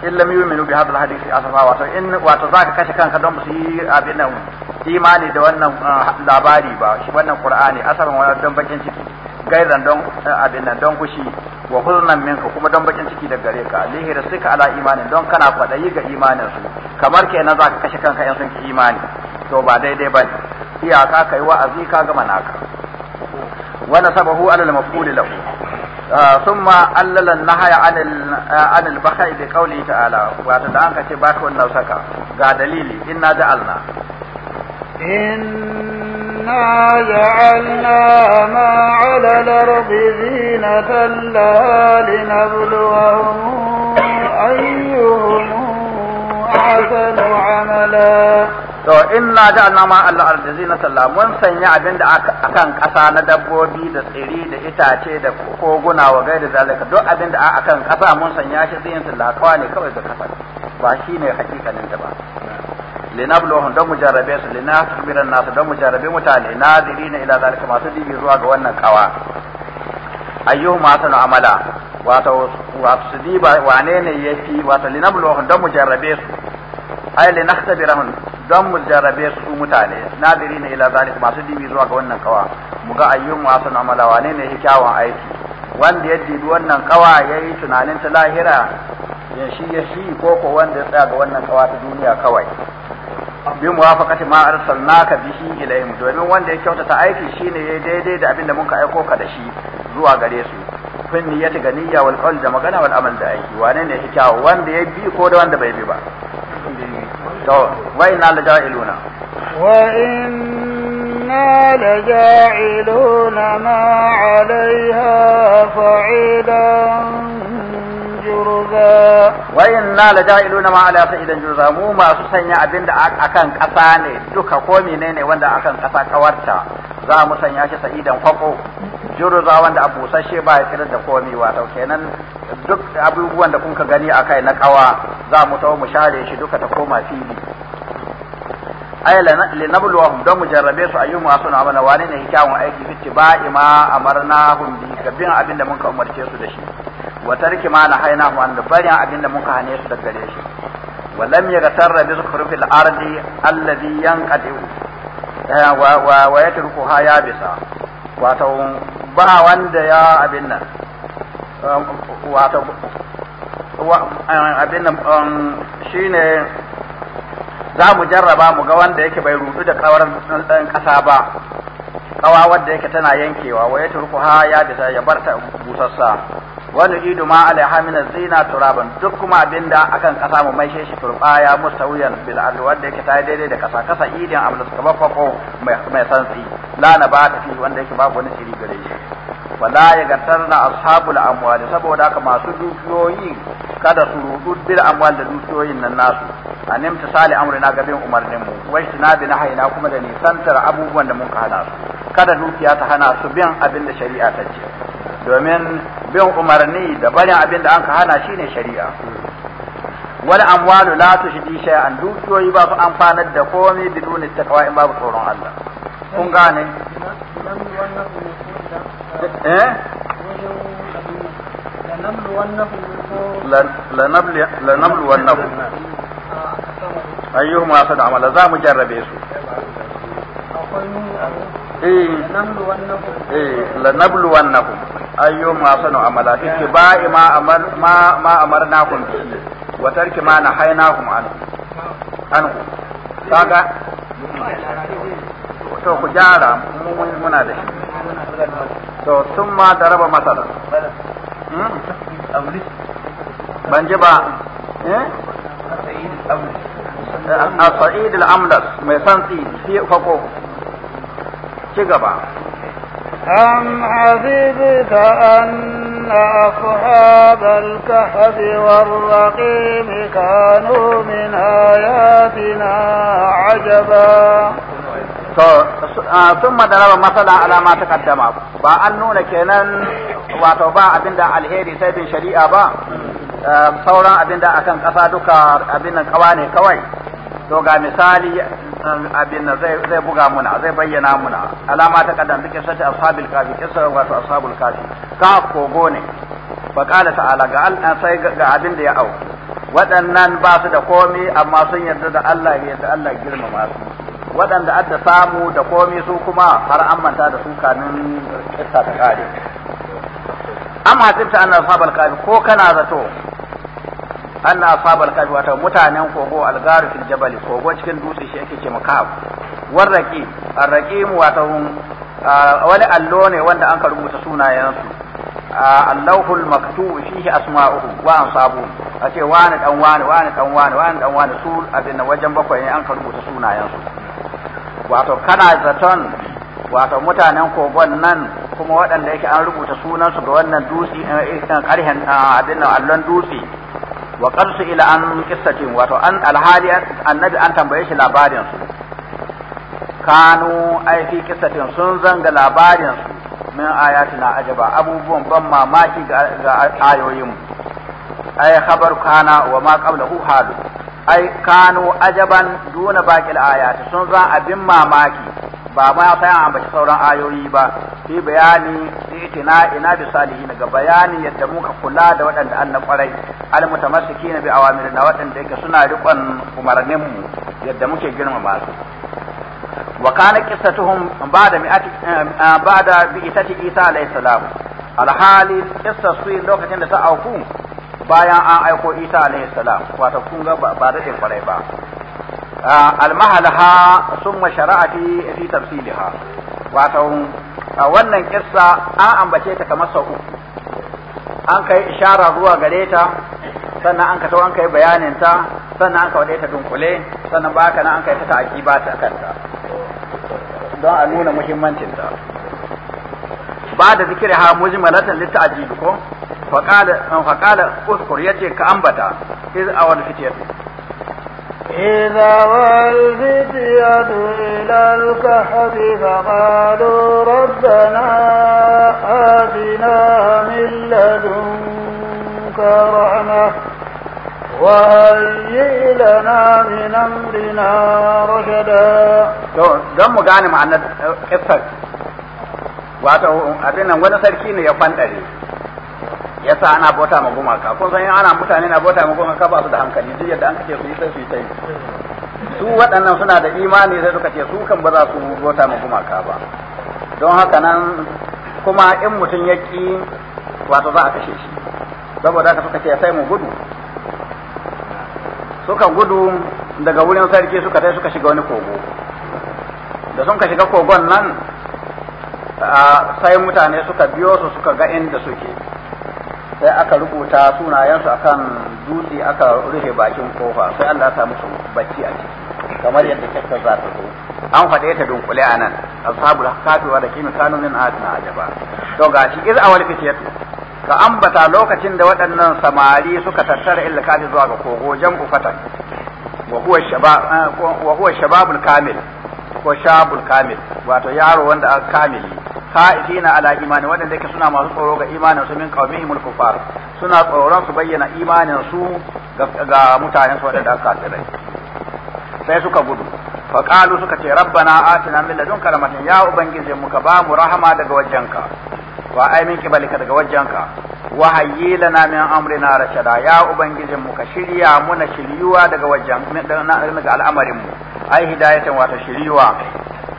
in lam yu'minu bi hadal hadisi asafa wato in wato zaka kashe kanka don su yi abin nan imani da wannan labari ba shi wannan qur'ani asaban wa don bakin ciki gairan don abin nan don kushi wa huznan minka kuma don bakin ciki da gare ka lihira suka ala imanin don kana fadayi ga imanin su kamar kenan zaka kashe kanka in sun ki imani to ba daidai ba ne iyaka kai wa'azi ka gama naka wa nasabahu ala al lahu ثم علل النهي عن عن البخاء بقوله تعالى وعند أنك تباك والنوسكا قال دليلي إنا جعلنا إنا جعلنا ما على الأرض زينة لها لنبلوهم أيهم أحسن عملا to inna ja'alna ma Allah na sallah mun sanya abinda akan ƙasa na dabbobi da tsiri da itace da koguna wa gaida zalika duk abinda a akan ƙasa mun sanya shi zai yin sallah kawai ne kawai da kasa ba shi ne hakikanin ta ba linabluhum don mu jarrabe su na nasu don mu jarrabe mutane na ila zalika masu dibi zuwa ga wannan kawa Ayyuhu masu amala wato wato su diba wane ne yafi wato linabluhum don mu jarrabe su ai linahtabirahum don mu jarabe su mutane nadiri na ila zalik masu dibi zuwa ga wannan kawa mu ga ayyun wasu na amalawa ne ne kyawun aiki wanda ya dibi wannan kawa ya yi tunanin ta lahira ya shi ya shi ko ko wanda ya tsaya ga wannan kawa ta duniya kawai bi muwafaqati ma arsalnaka bihi ilayhim domin wanda ya kyautata aiki shi shine ya daidai da abin da muka aiko ka da shi zuwa gare su kun niyyati ganiya wal qawl da magana wal amal da aiki wane ne ya wanda ya bi ko da wanda bai bi ba وإنا لجائلون وإنا لجائلون ما عليها صعيدا ja'iluna ma ala sa'idan على mu جرزا مو ما kasa akan kasa ne duka ko menene wanda akan kasa kawarta za mu sanya shi sa'idan kwako juruza wanda abu sashe ba ya tsirar da komi to kenan duk abubuwan da kun ka gani akai na kawa za mu tawo mu share shi duka ta koma fili ay linabluwahum don mu jarrabe su ayyuhum asuna amala wani ne kyawun aiki fitiba'i tibai ma amarnahum bi kabin abin da mun ka umarce su da shi wa tarki ma na haina hu an barin abinda muka hane su daga gare shi wa lam yaghtarra bi zukhrufil ardi alladhi yanqadu eh, wa wa wa ya bisa. wato ba wanda ya abin nan um, wato eh, abin nan um, shine za mu jarraba mu ga wanda yake bai rudu da kawar eh, ƙasa ba kawa wadda yake tana yankewa wa ya turku ha ya bisa ya barta busassa wani idu ma alaiha min zina turaban duk kuma abinda akan kasa mu maishe shi turbaya musawiyan bil ardi wanda yake ta daidai da kasa kasa idin abin suka bafako mai santsi la na ba ta fi wanda yake babu wani shiri gare shi wala ya a ashabul amwali saboda haka masu dukiyoyi kada su rudu bil amwal da dukiyoyin nan nasu a nimta sali amrina ga bin umarnin mu wai na bi haina kuma da nisantar abubuwan da mun hana su kada dukiya ta hana su bin abin da shari'a ta ce domin bin umarni da barin abin da an ka hana ne shari'a wani amwalu la tushdi shay'an dukiyoyi ba su amfanar da komai biduni kawai in babu tsoron Allah kun gane eh lanabluwannahu ayyuhum asad amala za mu jarrabe su eh, eh lanabluwannahu ayyuhum asad amala ittiba'i ma amar ma ma amarnakum bihi wa tarki ma ثم ضرب مثلا بنجبا إيه؟ الصعيد الأملس ميسانتي في أم حسبت أن أصحاب الكهف والرقيم كانوا من آياتنا عجبا to ah, sun madaraba matsala alama ta kaddama ba an nuna kenan wato ba abin da alheri sai bin shari'a ba ehm, sauran abin da akan kasa duka abin nan kawa ne kawai to ga misali ehm, abin da zai buga muna zai bayyana muna alama ta kaddam take sace ashabil kafi kisa wato ashabul kafi ka kogo ne fa qala ta'ala ga Allah sai ga abin da ya auku waɗannan ba su da komi amma sun yarda da Allah ya yarda Allah girmama su waɗanda adda samu da komi su kuma har an manta da su kanin kissa ta kare am ta anna sabal kafi ko kana zato anna sabal kafi wato mutanen kogo algaru fil jabali kogo cikin dutse shi yake ce makab warraqi arraqim wato wani allo ne wanda an ka rubuta sunayensu allahul maktu fihi asma'uhu wa ansabu a ce wani dan wani wani dan wani wani dan wani su abin wajen bakwai an ka rubuta sunayensu wato kana zaton wato mutanen kogon nan kuma waɗanda yake an rubuta sunansu ga wannan dutse eh, eh, eh, ƙarhen ah, abin allon dutse wa qarsu ila an qissatin wato an alhali annabi an tambaye shi labarin kanu ai fi sun zanga labarin su min ayatina ajaba abubuwan ban mamaki ga ayoyin ai khabar kana wa ma qablahu halu ai kanu ajaban duna baqil ayat sun za abin mamaki ba ma sai an ambaci sauran ayoyi ba fi bayani itina ina bi salihin ga bayani yadda muka kula da waɗanda an na kwarai al mutamassikina bi na waɗanda yake suna riƙon umarnin mu yadda muke girmama su wa kana qissatuhum ba'da mi'ati ba'da bi'tati Isa alayhi salam alhali qissatu lokacin da ta auku bayan an aiko isa alaihi salam wato kun ga ba daɗin kwarai ba ha sun mashara'a fi fi ha wato wannan kissa an ambace ta kamar sau uku an kai ishara zuwa gare ta sannan an kato an kai bayanin ta sannan an kawo ta dunkule sannan ba nan an kai ta ba ta kanta don a nuna muhimmancinta. ba da zikiri ha mujmalatan litta'jibi ko faƙala uskur ya ce ka ambata iz awal fitiyar إذا والفتية إلى الكهف فقالوا ربنا آتنا من لدنك رحمة وهيئ لنا من أمرنا رشدا don mu gane ma'anar kifar wato abin nan wani sarki ne ya fandare yasa ana bauta ma gumaka kun san ana mutane na bauta ma gumaka ba su da hankali duk yadda an kace su yi sai su yi sai su waɗannan suna da imani sai suka ce su kan ba za su bauta ma gumaka ba don haka nan kuma in mutum ya ki wato za a kashe shi saboda haka suka ce sai mu gudu suka gudu daga wurin sarki suka tai suka shiga wani kogo da sun ka shiga kogon nan sai mutane suka biyo su suka ga inda suke sai aka rubuta sunayensu akan dutse aka rufe bakin kofa sai Allah ya sa bacci a ciki kamar yadda kyakkyar za ta zo an faɗe ta dunkule a nan ashabul kafiwa da kimi a min adna ajaba to gashi iz awal fitiyatu ka ambata lokacin da waɗannan samari suka tattara illa kafi zuwa ga kogo jam fatan wa huwa shabab eh, wa huwa shababul kamil ko shabul kamil wato yaro wanda kamili ka'idina ala imani wadanda yake suna masu tsoro ga imanin su min mulku kufar suna tsoron su bayyana imanin su ga mutanen su wadanda aka tsare sai suka gudu fa suka ce rabbana atina min ladunka rahmatan ya ubangijin mu ka ba mu rahama daga wajenka wa ai min kibalika daga wajenka wa hayyi min amrina rashada ya ubangijin mu ka shirya muna shiryuwa daga wajen daga al'amarin mu ai hidayatan wata shiryuwa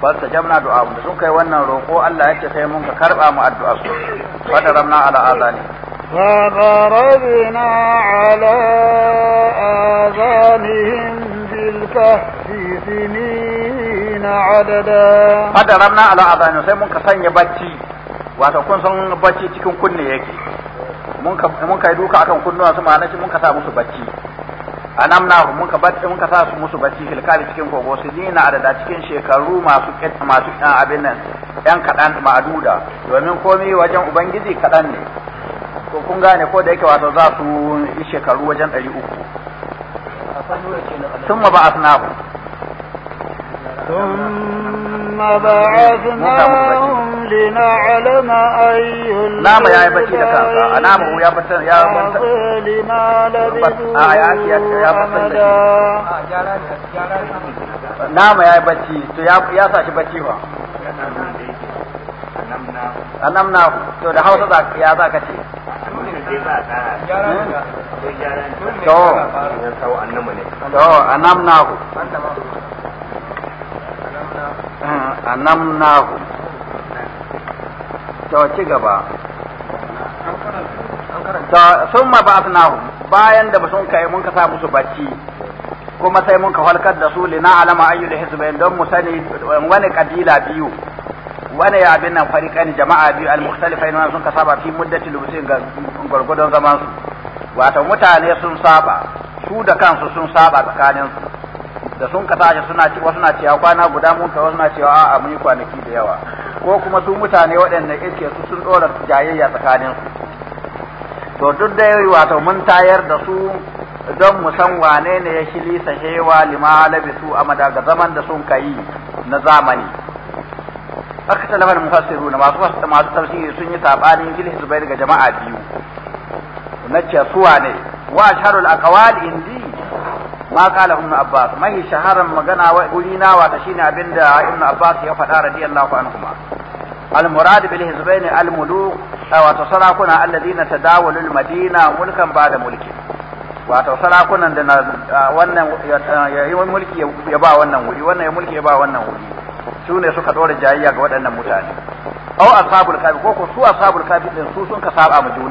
fasta jamna du'a da sun kai wannan roƙo Allah ya ce sai mun ka karba mu addu'a su fada ramna ala azani فضربنا على آذانهم بالكهف adada. عددا ramna ala azani sai mun ka sanya bacci wato kun san bacci cikin kunne yake mun ka mun kai duka akan kunnuwa su ma'ana mun ka sa musu bacci A mun ka bar mun ka sa su musu bacci filkali cikin kogo su dina adada cikin shekaru masu masu abin nan yan kaɗan ma'aduda domin komai wajen ubangiji kaɗan ne ko kun gane ko da yake wato za su yi shekaru wajen ɗari uku sun ma ba asnafu ثم بعثناهم لنعلم أي نعم يا بشي لك نعم هو يا يا لما لبثوا نعم يا بشي يا ساشي بشي هو na to da hausa za ya za ka ce to na ku Ah, anamnahu to ci gaba to sun ma su bayan da sun kai mun ka sa musu bacci kuma sai mun ka halkar da su na alama ayyul hizbain don mu sani wani kabila biyu wani ya abin nan farikan jama'a biyu al-mukhtalifain wannan sun ka saba fi muddati lubusin ga gurgudun zaman su wato mutane sun saba su da kansu sun saba tsakanin su da sun ka tashi suna wasu na cewa kwana guda mun ka wasu na cewa a'a mun yi kwanaki da yawa ko kuma su mutane waɗanda yake su sun dora jayayya tsakanin su to duk da yayi wato mun tayar da su don mu san wane ne ya shili sahewa lima su amada ga zaman da sun kai na zamani aka talafar mufassiru na masu wasu masu tafsiri sun yi sabanin gilhi zubair ga jama'a biyu na ce suwa ne wa sharul aqwal indi ma qala ibn abbas mai shaharan magana wa ulina wa shine abinda ibn abbas ya faɗa radiyallahu anhuma al murad bil hizbayn al muluk wato sarakuna alladhina tadawalu al madina mulkan ba'da mulki wato sarakunan da na wannan yayi mulki ya ba wannan wuri wannan ya mulki ya ba wannan wuri su ne suka dore jayayya ga waɗannan mutane ashabul kafi ko ko su ashabul kafi din su sun ka mu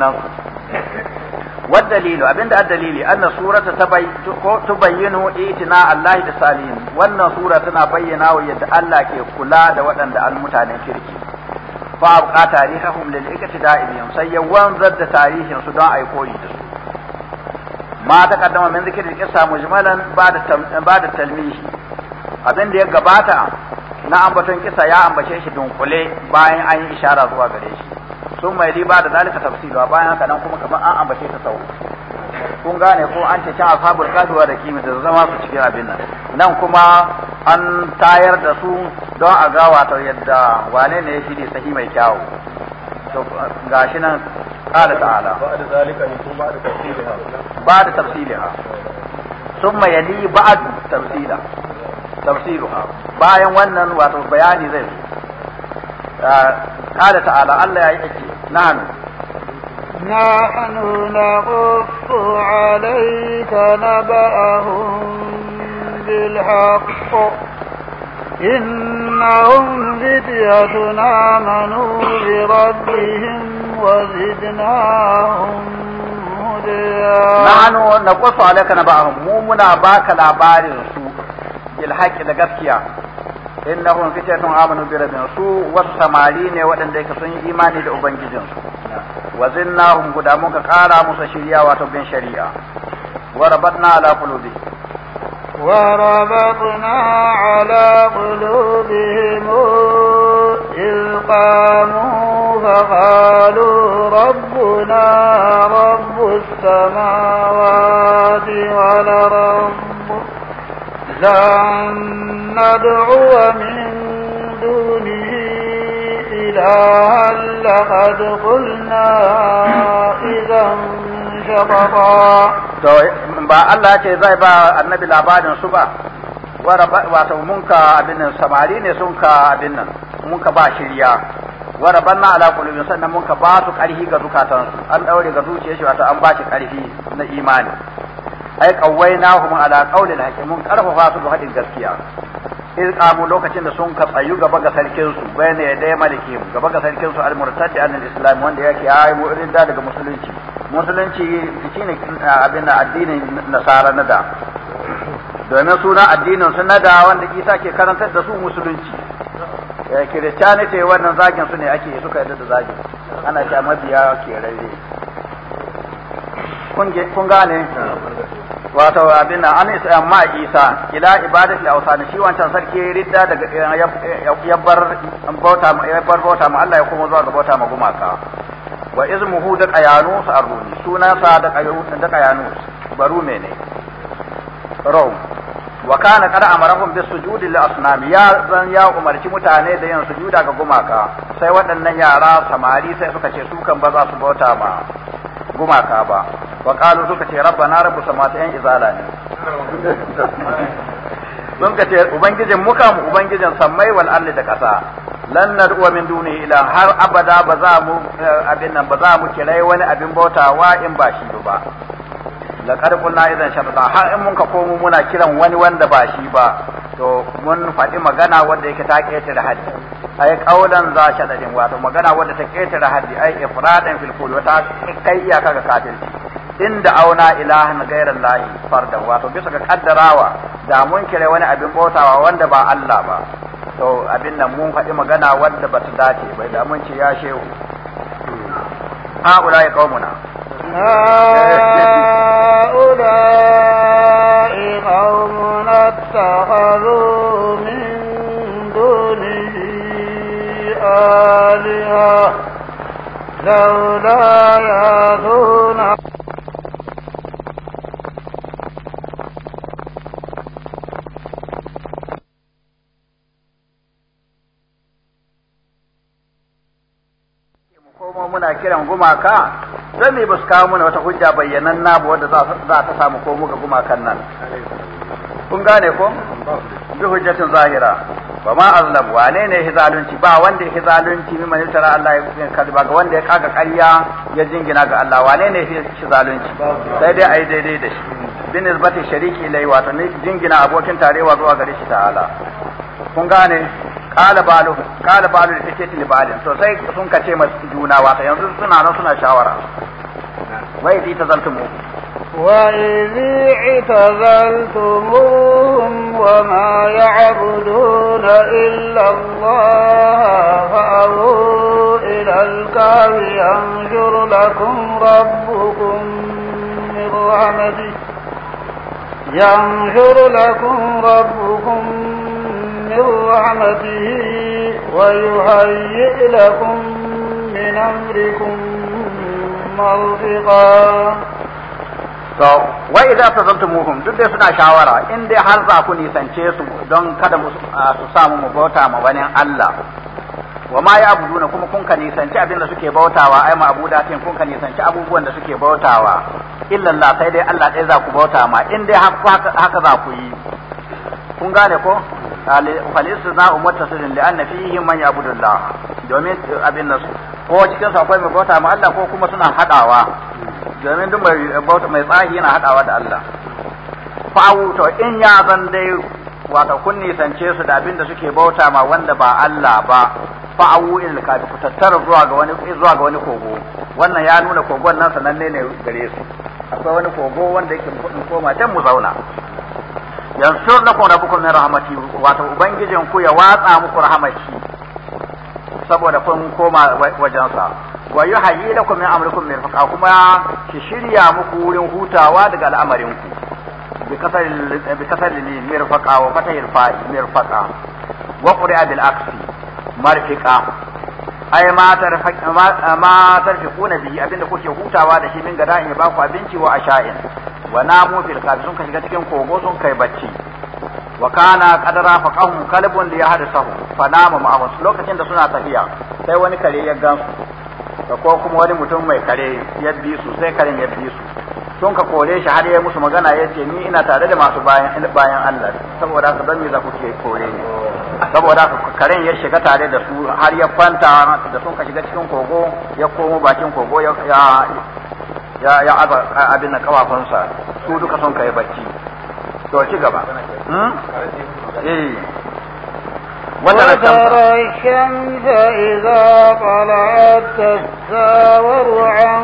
والدليل أبين الدليل أن سورة تبي تبينه إيتنا الله تسالين وأن سورة تبينا ويتألى كي كلا دوتا دا المتانين كيركي فأبقى تاريخهم للاقتداء بهم سيوان ضد تاريخهم سدان أي قولي ما تقدم من ذكر القصة مجملا بعد بعد التلميح أبين دي قباتا na ambaton kisa ya ambace shi dunkule bayan an yi ishara zuwa gare shi sun mai riba da zalika ba bayan haka nan kuma kamar an ambace ta sau kun gane ko an ce can ashabul kaduwa da kimi da zama su cikin abin nan nan kuma an tayar da su don a ga ta yadda wane ne shi ne sahi mai kyawu to gashi nan qala ta'ala ba da zalika ne kuma ba da tafsiliha ba da tafsiliha thumma yali ba'd tafsila tafsiluha bayan wannan wato bayani zai zo قال تعالى الله يأتي نعم نحن نقص عليك نبأهم بالحق إنهم فتية آمنوا بربهم وزدناهم هدى نحن نقص عليك نبأهم مو منا باك لابارن سوء بالحق لقد innahum fitatun amanu bi rabbihim su wasamari ne waɗanda yake sun yi imani da ubangijin su wa zinnahum guda muka ƙara musu shirya wato bin shari'a wa rabatna ala qulubi wa rabatna ala qulubihim إذ قاموا فقالوا ربنا رب السماوات والأرض لن ندعو من دونه إلها لقد قلنا إذا شططا to ba Allah ce zai ba annabi labarin su ba wato mun ka abin nan samari ne sun ka abin nan mun ka ba shirya wa rabanna ala qulubin sannan mun ka ba su karfi ga zukatansu an daure ga zuciyar shi wato an ba shi karfi na imani ai qawainahum ala qawli hakim mun karfafa su da hadin gaskiya in kamu lokacin da sun ka tsayu gaba ga sarkin su bayna ya dai maliki gaba ga sarkin su al-murtadi an al-islam wanda yake ai da daga musulunci musulunci shine abin addinin nasara na da domin suna addinin su na da wanda isa ke karantar da su musulunci ce wannan zagin su ne ake suka yadda da zagin ana cewa mabiya ke rarre kun gane wato abin an isa ma isa ila li awsan shi wancan sarki ridda daga yabbar bauta yabbar bauta ma Allah ya kuma zuwa ga bauta ma gumaka wa izmuhu da sa arruni suna sa da qayanu da qayanu barume ne raw wa kana qad amarahum bis sujudi li asnam ya zan ya umarci mutane da yin sujuda ga gumaka sai waɗannan yara samari sai suka ce su kan ba za su bauta ma gumaka ba wa suka ce rabbana rabbu samawati yan izala ne sun ka ce ubangijin muka mu ubangijin sammai wal alli da ƙasa. lan nad'u min ila har abada ba za mu abin nan ba za mu kira wani abin bautawa in ba shi ba laqad qulna idan sharada har in mun ka komo muna kiran wani wanda ba shi ba to mun faɗi magana wanda yake ta ƙetare haddi ai kaulan za shadadin wato magana wanda ta ƙetare haddi ai ifradan fil qul ta kai iyaka ga kafirci inda auna ilahan gairan lahi farda wato bisa ga kaddarawa da mun kire wani abin bautawa wanda ba Allah ba to abin nan mun faɗi magana wanda ba ta dace bai da mun ce ya shehu ha'ula ulai kaumuna ha'ula ulai kaumuna ta haru min dunihi aliha لولا يأتون muna kiran gumaka don me ba su kawo mana wata hujja bayyanan na ba wadda za ta samu ko muka gumakan nan kun gane ko bi hujjatin zahira ba ma azlam wane ne hizalunci ba wanda hizalunci mai yutara Allah ya ba ga wanda ya kaga karya ya jingina ga Allah wane ne hizalunci sai dai ai daidai da shi bin nisbati shariki lai wato ne jingina abokin tarewa zuwa gare shi ta'ala kun gane qala balu qala balu da take ni balin to sai sun kace ma juna wata yanzu suna nan suna shawara wai di tazaltumu wa idhi tazaltumuhum wa ma ya'buduna illa Allah fa'u ila al-kahfi yanshur lakum rabbukum min rahmatihi ينشر لكم ربكم من رحمته ويهيئ لكم من أمركم مرفقا za ta zanta muhum duk dai suna shawara in dai har za ku nisance su don kada su samu mu bauta ma wani Allah wa ma ya abuduna kuma kun ka nisanci abin da suke bautawa ai ma abuda tin kun ka nisanci abubuwan da suke bautawa illa Allah sai dai Allah ɗaya za ku bauta ma in dai haka za ku yi kun gane ko falistina muttasilin li'anna fihi man ya'budullah domin eh, abin nasu ko cikin sa akwai mai bauta ma Allah ko kuma suna hadawa domin duk mai bauta mai tsahi yana hadawa da Allah fa'u to in ya zan dai wato kun nisance su da abin da suke bauta ma wanda ba Allah ba fa'u il kafi ku tattara zuwa ga wani zuwa ga wani kogo wannan ya nuna kogon nan sananne ne gare su akwai wani kogo wanda yake koma dan mu zauna yansur lakum rabbukum min rahmati wato ubangijin ku ya watsa muku rahmaci saboda kun koma sa wa yuhayyi lakum min amrikum mirfaqa kuma ki shirya muku wurin hutawa daga al'amarin ku bi kasar bi kasar mirfaqa wa fatahil fa'i mirfaqa wa qur'a bil aksi marfiqa ai ma tarfiquna bihi abinda kuke hutawa da shi min gada in ba ku abinci wa asha'in wa namu fil kafi sun ka shiga cikin kogo sun kai bacci wa kana qadara faqahum kalbun li yahdathu fa namu ma'ahu lokacin da suna tafiya sai wani kare ya gansu da ko kuma wani mutum mai kare ya bi su sai karen ya bi su sun ka kore shi har ya musu magana ya ce ni ina tare da masu bayan bayan Allah saboda haka don me za ku ke kore ni saboda haka karen ya shiga tare da su har ya kwanta da sun ka shiga cikin kogo ya komo bakin kogo ya ya ya aza abin na kafafunsa su duka sun kai bacci to ci gaba eh وترى الشمس إذا طلعت تساور عن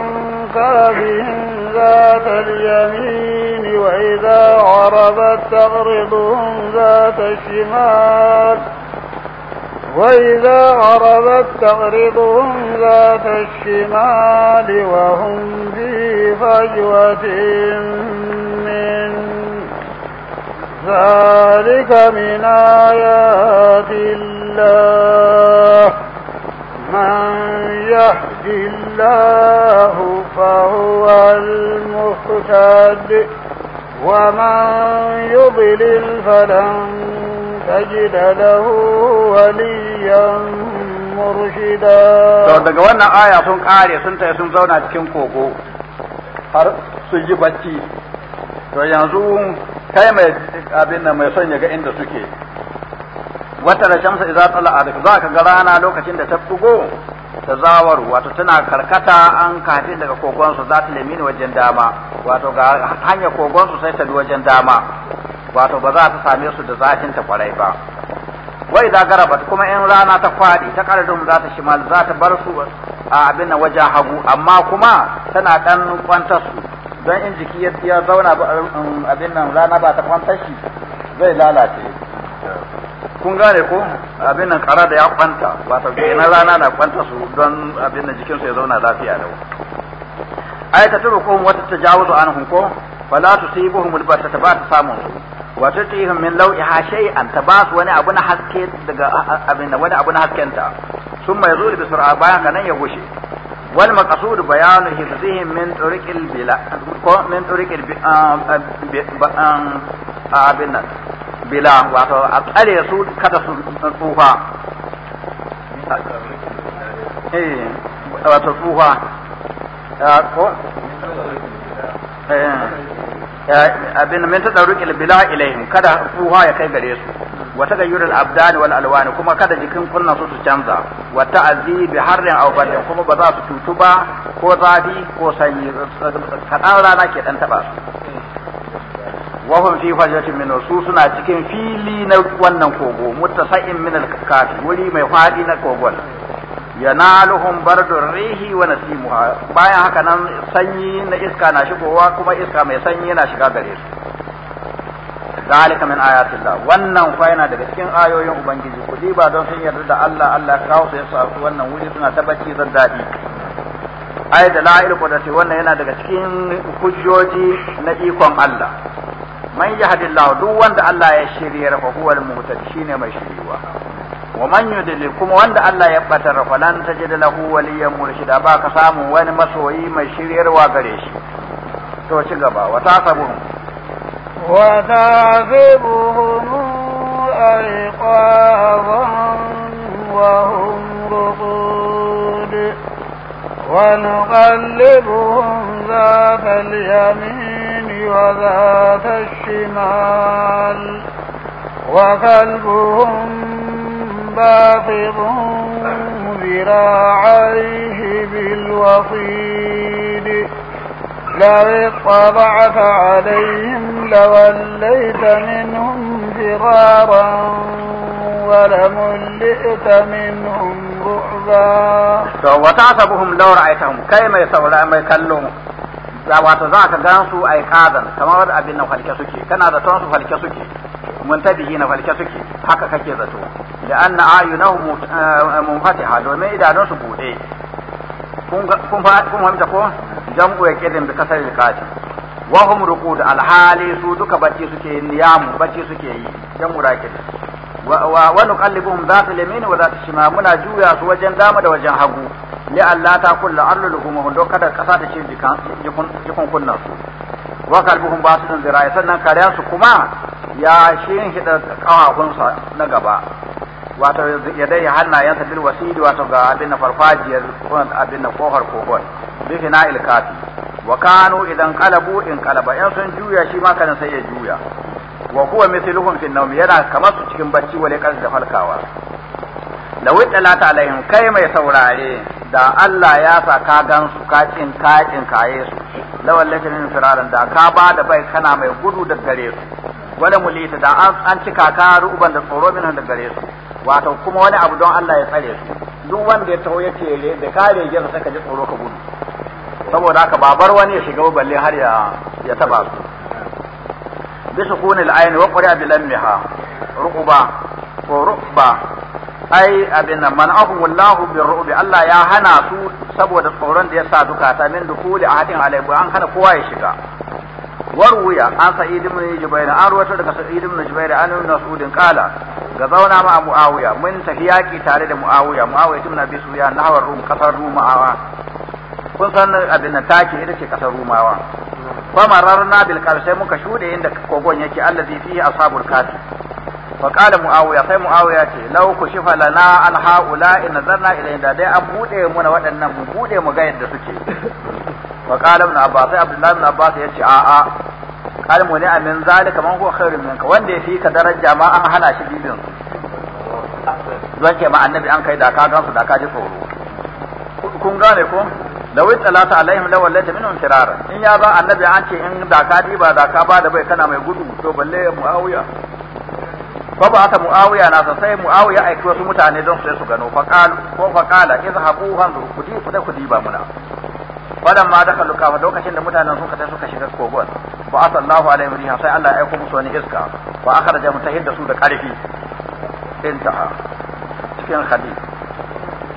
كافهم ذات اليمين وإذا غربت تغرضهم ذات الشمال وإذا غربت تغرضهم ذات الشمال وهم في بفجوة من ذلك من آيات الله من يهد الله فهو المهتد ومن يضلل فلن تجد له وليا مرشدا. daga wannan aya sun kare sun tafi sun zauna cikin kogo har su yi bacci to yanzu kai mai abin nan mai son ya ga inda suke wata da shamsa idza a za ka ga rana lokacin da ta fugo ta zawar wato tana karkata an kafi daga kogon su za ta lemini wajen dama wato ga hanyar kogon su sai ta bi wajen dama wato ba za ta same su da zafin ta kwarai ba wa idza garabat kuma in rana ta kwadi ta qaradum za ta shimal za ta bar su a abin waje hagu amma kuma tana dan kwantar su don in jiki ya zauna um, abin nan rana ba ta kwantar shi zai lalace kun gane ko abin nan kara da ya kwanta ga ina rana na kwanta su don abin nan jikinsu ya zauna lafiya lau ai ta ko wata tajawuzu anhum ko fala tusibuhum albatta ba ta samu su wato ta ihun min lau'i ha shay'an ta ba su wani abu na haske daga abin wani abu na haskenta sun mai zuri bi sur'a bayan nan ya gushe wal maqsud bayan hifzihim min turiqil bila ko min turiqil abin nan bila wato a tsare su kada su tsufa eh wato tsufa ko eh Eh, abin min ta bila ilaihim kada ruha ya kai gare su wa tagayyur al abdan wal alwan kuma kada jikin kunna su su canza wa ta'azibi bi harrin aw kuma ba za su tutu ba ko zafi ko sanyi kadan rana ke dan taba su wa hum fi fajratin min su suna cikin fili na wannan kogo muttasa'in min al kafi wuri mai fadi na kogon yanaluhum bardun rihi wa nasimuha bayan haka nan sanyi na iska na shigowa kuma iska mai sanyi yana shiga gare su zalika min ayatillah wannan fa yana daga cikin ayoyin ubangiji kuɗi ba don sun yarda da Allah Allah ya kawo su ya wannan wuri suna ta bacci zan dadi ai da la'il qudati wannan yana daga cikin hujjoji na ikon Allah man yahdillahu duk wanda Allah ya shiryar fa huwa shine mai shiriwa wa man yudlil kuma wanda Allah ya batar falan tajid lahu waliyan murshida ba ka samu wani masoyi mai shiryarwa gare shi to ci gaba wa tasabuhum wa tasabuhum alqahum wa hum ruqud wa nuqallibuhum ذات اليمين وذات الشمال باسط ذراعيه بالوصيد لو اطلعت عليهم لوليت منهم فرارا ولملئت منهم رعبا وتعصبهم لو رأيتهم كيما يسولا ما يكلموا wato za ka gan su aikadan kamar abin nan falke suke kana da tonsu falke suke na falke suke haka kake zato da anna ayunahu mumfatiha eh, domin idanun su bude kun kun fahimta ko jam'u ya kirin bi kasar ilkati wa hum ruqud hali su duka bacci suke niyamu bacci suke yi jam'u rakid wa wa nuqallibuhum dhat al-yamin wa dhat shimal muna juya su wajen dama da wajen hagu li alla ta kullu arlu lahum hundo kada kasa ta ce jikan jikun kunnan su wa kalbuhum basitun zira'i sannan karyan su kuma ya shinhida sa na gaba wato ya dai yansa bil wasili wato ga abin na farfajiyar abin na kofar kogon bi fina ilkafi wa kanu idan qalabu in qalaba yan sun juya shi ma kana sai ya juya wa huwa mithluhum fi nawmi yana kamar su cikin bacci wale kan da falkawa da wutsalata alaihim kai mai saurare da Allah ya sa ka gansu ka kin ka kin kaye su lawan lakinin firaran da ka ba da bai kana mai gudu da gare su wani mulita da an cika ka ruban da tsoro minan da gare su wato kuma wani abu don Allah ya tsare su duk wanda ya tawo ya tere da kare ya sa ka ji tsoro ka gudu saboda haka babar wani ya shiga balle har ya ya taba su bi sukuni al wa qari'a bi lammiha ruqba ko ruqba ai abin nan man'ahu wallahu birrubi Allah ya hana su saboda tsoron da ya sa zukata min dukuli ahadin alaihi an hana kowa ya shiga warwuya an sa'id ibn jubair an ruwata daga sa'id ibn jubair an ibn mas'ud qala ga zauna ma muawiya mun tafi yaki tare da muawiya muawiya ibn abi sufyan nahawar rum kasar rumawa kun san abin nan take ita ce kasar rumawa mm. fa mararna bil sai muka shude inda kogon yake allazi fihi ashabul kafi faƙala mu'awiya sai mu'awiya ce lau ku shifa lana an ha'ula in nazarna ilayhi da dai an buɗe mu na waɗannan mu buɗe mu ga yadda suke faƙala ibn abbas sai abdullahi ibn abbas ya ce a'a qal mu ne amin zalika man huwa khairun minka wanda ya fi ka daraja ma an hana shi bibin don ke ma annabi an kai da ka gansu da ka ji tsoro kun gane ko lawi talata alaihim law wallata minhum firara in ya ba annabi an ce in da ka diba da ka ba da bai kana mai gudu to balle muawiya fa ba aka muawiya na san sai muawiya aiki wasu mutane don sai su gano ko faƙala ko fa qala izhabu hanzur kudi kudi kudi ba muna fadan ma dakalu kafa lokacin da mutanen suka tai suka shiga kogon Ba fa asallahu alaihi riha sai Allah ya aika musu wani iska fa akhraja mutahid da su da karfi intaha cikin hadith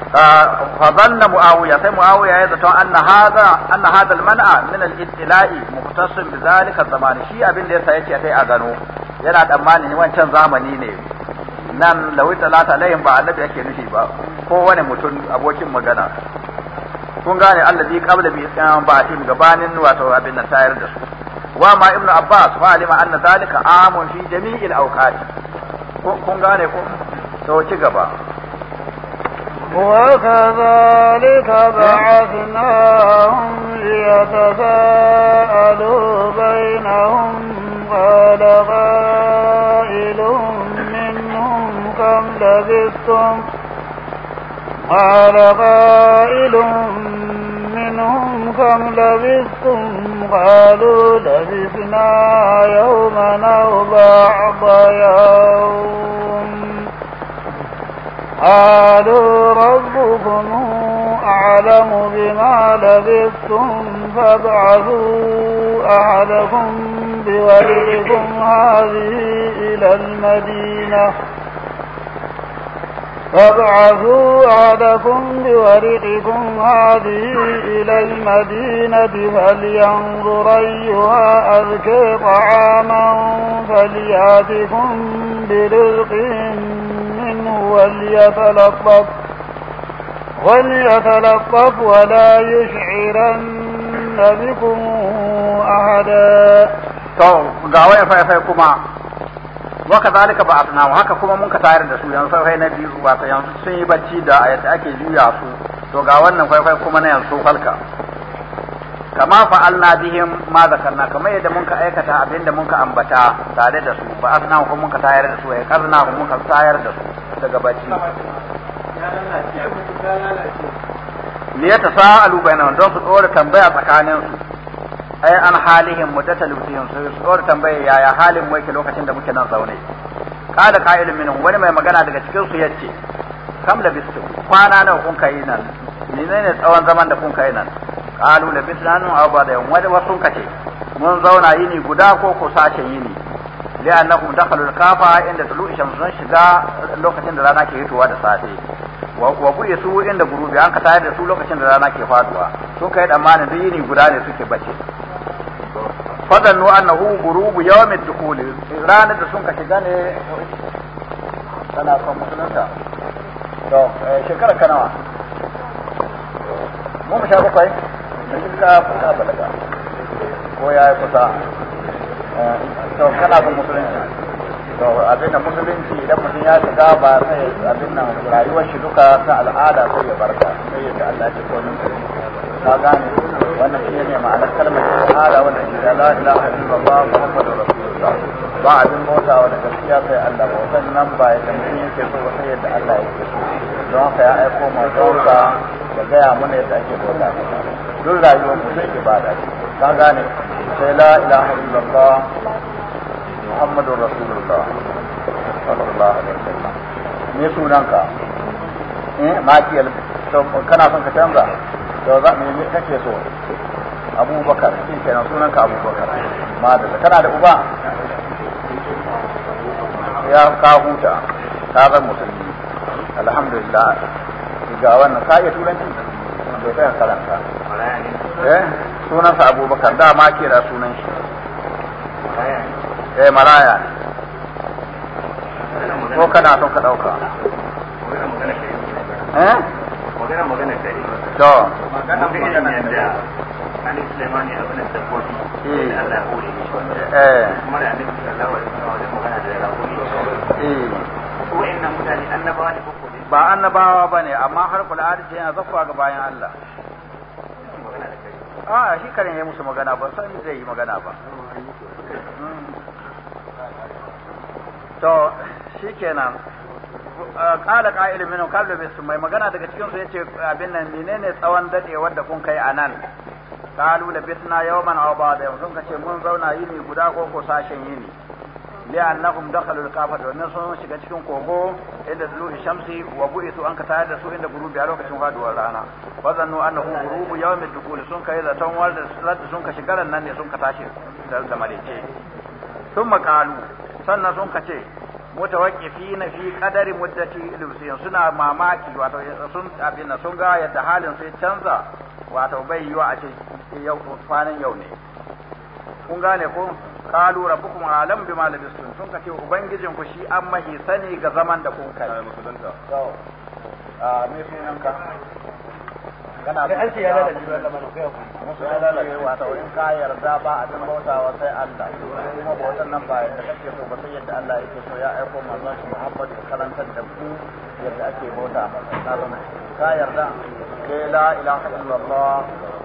fa zanna muawiya sai muawiya ya zato anna hadha anna hadha al-man'a min al-ittila'i muqtasim bi dhalika zaman shi abin da yasa yace kai a gano yana tsammanin wancan zamani ne nan lawi talata layin ba annabi yake nufi ba ko wani mutum abokin magana kun gane allazi qabla bi islam ba'in gabanin wato abin nan tayar da su wa ma ibnu abbas fa alima anna zalika amun fi jami'il awqat kun gane ko to ci gaba وكذلك بعثناهم ليتساءلوا بينهم قال قائل منهم كم لبثتم قال قائل منهم كم لبثتم قالوا لبثنا يوما أو بعض يوم قالوا ربكم أعلم بما لبثتم فابعثوا أحدكم بورقكم هذه إلى المدينة فابعثوا أحدكم بورقكم هذه إلى المدينة فلينظر أيها أذكى طعاما فليأتكم برزق منه وليتلطف وليتلطف ولا يشعرن بكم أحدا to ga waya faifai kuma waka zalika ba haka kuma mun ka tayar da su yanzu sun yi bacci da yadda ake juya su to ga wannan faifai kuma na yanzu falka kama fa'alna bihim ma zakarna kamar yadda mun ka aikata abin da mun ka ambata tare da su ba asna kuma mun ka tayar da su daga bacci liyata sa'alu bainahum don su tsora tambaya tsakanin su ai an halihim muddata lutihim su tsora tambaya yaya halin mu yake lokacin da muke nan zaune qala ka ilimin wani mai magana daga cikin su yace kam bisu kwana nawa kun kai nan menene tsawon zaman da kun kai nan da labisna aw ba da wani wasu kace mun zauna yini guda ko ku sashen yini li'annahum dakhalu al-kafa inda tulu'i shiga lokacin da rana ke hitowa da safe wa ku su inda gurubi an ka tayar da su lokacin da rana ke faduwa sun kai tsammanin duk yini guda ne suke bace fadannu annahu gurubu yawmid dukhul ranar da sun shiga ne eh, kusa to kana son musulunci to abin da musulunci idan mutum ya shiga ba sai abin nan rayuwar shi duka ta al'ada sai ya barka sai ya ga Allah ya ko nan ka gane wannan shi ne ma'anar kalmar shahada wannan shi la ilaha illallah muhammadur rasulullah ba abin mota wa da gaskiya sai Allah ba wannan ba ya tambaye yake so sai yadda Allah ya ce don haka ya aiko manzon ka ya gaya mana yadda ake bauta duk rayuwar mu sai ibada ka gane sai la ilaha illallah الله rasulullah sallallahu alaihi me sunanka eh kana son ka canza to za kake so abubakar shi sunanka abubakar madalla kana da uba ya ka huta ka musulmi alhamdulillah ga wannan ka iya turanci bai sai karanta eh sunansa abubakar ma kira sunan shi eh maraya ko kana son ka dauka eh magana magana kai to magana magana da annabi Sulaiman ya abin da kofi eh Allah ya hore shi eh kuma da annabi sallallahu alaihi wasallam magana da rakuni eh inna mutane annabawa ne ko ba annabawa bane amma har kula da yana zakwa ga bayan Allah a shi karen ya musu magana ba san zai yi magana ba to shi kenan kala qa'il minhum qabla bisum mai magana daga cikin su yace abin nan menene tsawon dade wanda kun kai anan qalu labithna yawman aw ba'da yawm sun kace mun zauna yini guda ko ko sashen yini li'annahum dakhalu al-qafa domin sun cikin kogo inda dulu shamsi da su inda gurubi a lokacin faduwar rana wazannu annahu gurubu yawm ad ka shigaran nan ne sun ka tashi sannan sun ka ce mutawaqqifina fi qadari muddati ilbsiyin suna mamaki wato sun abin sun ga yadda halin sai canza wato bai yiwa a ce yau kwanan yau ne kun gane ko qalu rabbukum alam bima labistum sun kace ubangijin ku shi an mahi sani ga zaman da kun kai a me sunan ka kana da alci ya lalace ba in ka yarda ba bautawa sai Allah kuma nan ba kake so ba sai yadda Allah yake so ya aiko manzon shi Muhammad karantar da ku yadda ake bauta ka yarda la ilaha illallah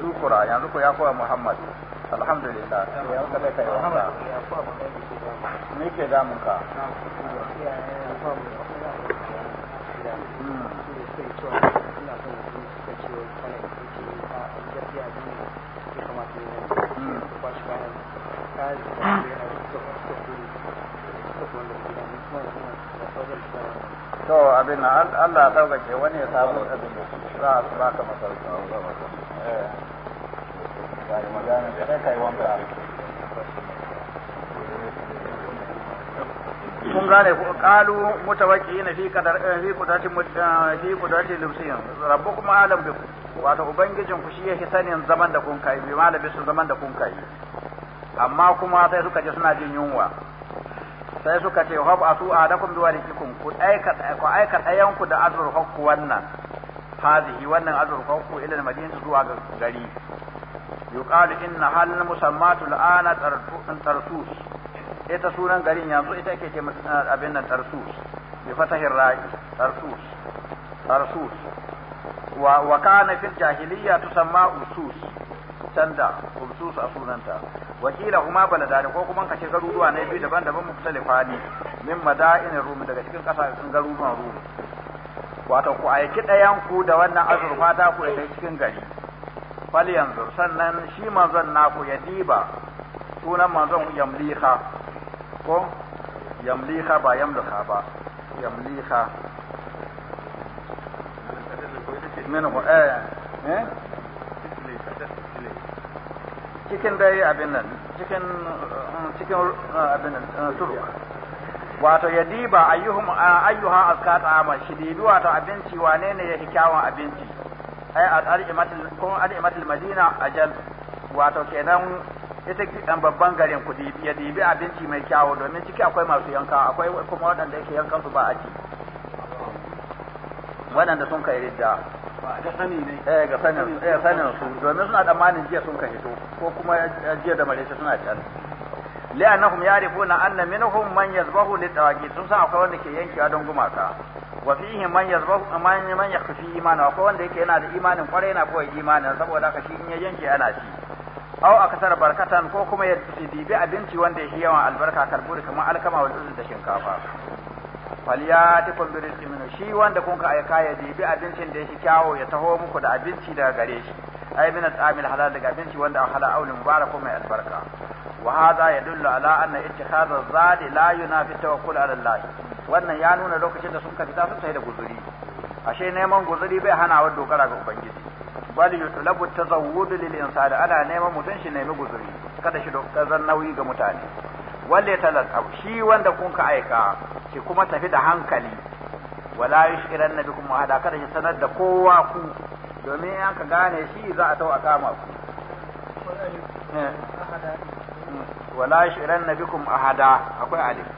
dukura yanzu ko ya kowa muhammad alhamdulillah ya ka da kai wanda me ke ka to abin nan Allah sauƙaƙe wani ya samu abin da za a baka masauki eh. kun gane ku qalu mutawakkilina fi qadar eh, fi qudratin eh, fi qudratin lubsiyan kuma alam bi wato ubangijin ku shi yake sanin zaman da kun kai bi malabi su zaman da kun kai amma kuma sai suka ji suna jin yunwa sai suka ce hab asu adakum bi walikum ku aikata ku aikata yanku da hakku wannan hazihi wannan hakku ila madinatu zuwa ga gari yuqalu inna hal musammatu al'ana tarsus ita sunan garin yanzu ita ke ce eh, abin nan tarsus bi fatahir ra'i tarsus tarsus wa wa kana fil jahiliyya tusamma usus tanda kumsus a sunanta wakila huma baladani ko kuma kace garuruwa ne biyu daban-daban mukhtalifa ne min madain rum daga cikin sun garuruwan rum wato ku aiki ɗayan ku da wannan azurfa ta ku da cikin gari fal yanzu sannan shi manzon naku ya diba sunan manzon yamliha ko yamliha ba yamliha ba yamliha min eh eh cikin dai abin nan cikin uh, cikin uh, abin nan uh, tudu wato ya diba ayyuhum ayyuha azka ta'ama shi dibi wato abinci wane ne yake kyawun abinci ai al'imatul kun al'imatul madina ajal wato kenan ita kiɗan babban garin ku ya dibi abinci mai kyawu domin ciki akwai masu yanka akwai kuma waɗanda yake yankan su ba a ci waɗanda sun kai ridda ga sani ne eh ga sanin eh sanin su domin suna tsammanin jiya sun ka hito ko kuma eh, jiya da mare suna can li'annahum ya'rifuna anna minhum man yazbahu litawaqi sun san akwai wanda ke yankewa don gumaka wa fihi man yazbahu man man yakhfi imanu akwai wanda yake yana da imanin kwarai yana koyi imanin saboda haka shi in ya yanke ana ci aw akasar barkatan ko kuma ya dibi abinci wanda yake yawan albarka karburi kamar alkama wa da shinkafa falyatikum bi rizqin minhu shi wanda kun ka aika ya dibi abincin da yake kyawo ya taho muku da abinci daga gare shi ai min al halal daga abinci wanda an hala aulin mubarakun mai albarka wa ya yadullu ala anna ittikhadha zadi la yunafi tawakkul ala Allah wannan ya nuna lokacin da sun ka fita sun tafi da guzuri ashe neman guzuri bai hana wa dogara ga ubangiji bal yutlabu tazawwud lil insani ana neman mutun shi nemi guzuri kada shi dokar nauyi ga mutane wanda ya talaka shi wanda kun ka aika shi kuma tafi da hankali wala yushiran na bikum ahada kada shi sanar da kowa ku domin in ka gane shi za a tau a kama ku eh. hmm. wala yushiran na bikum ahada akwai alif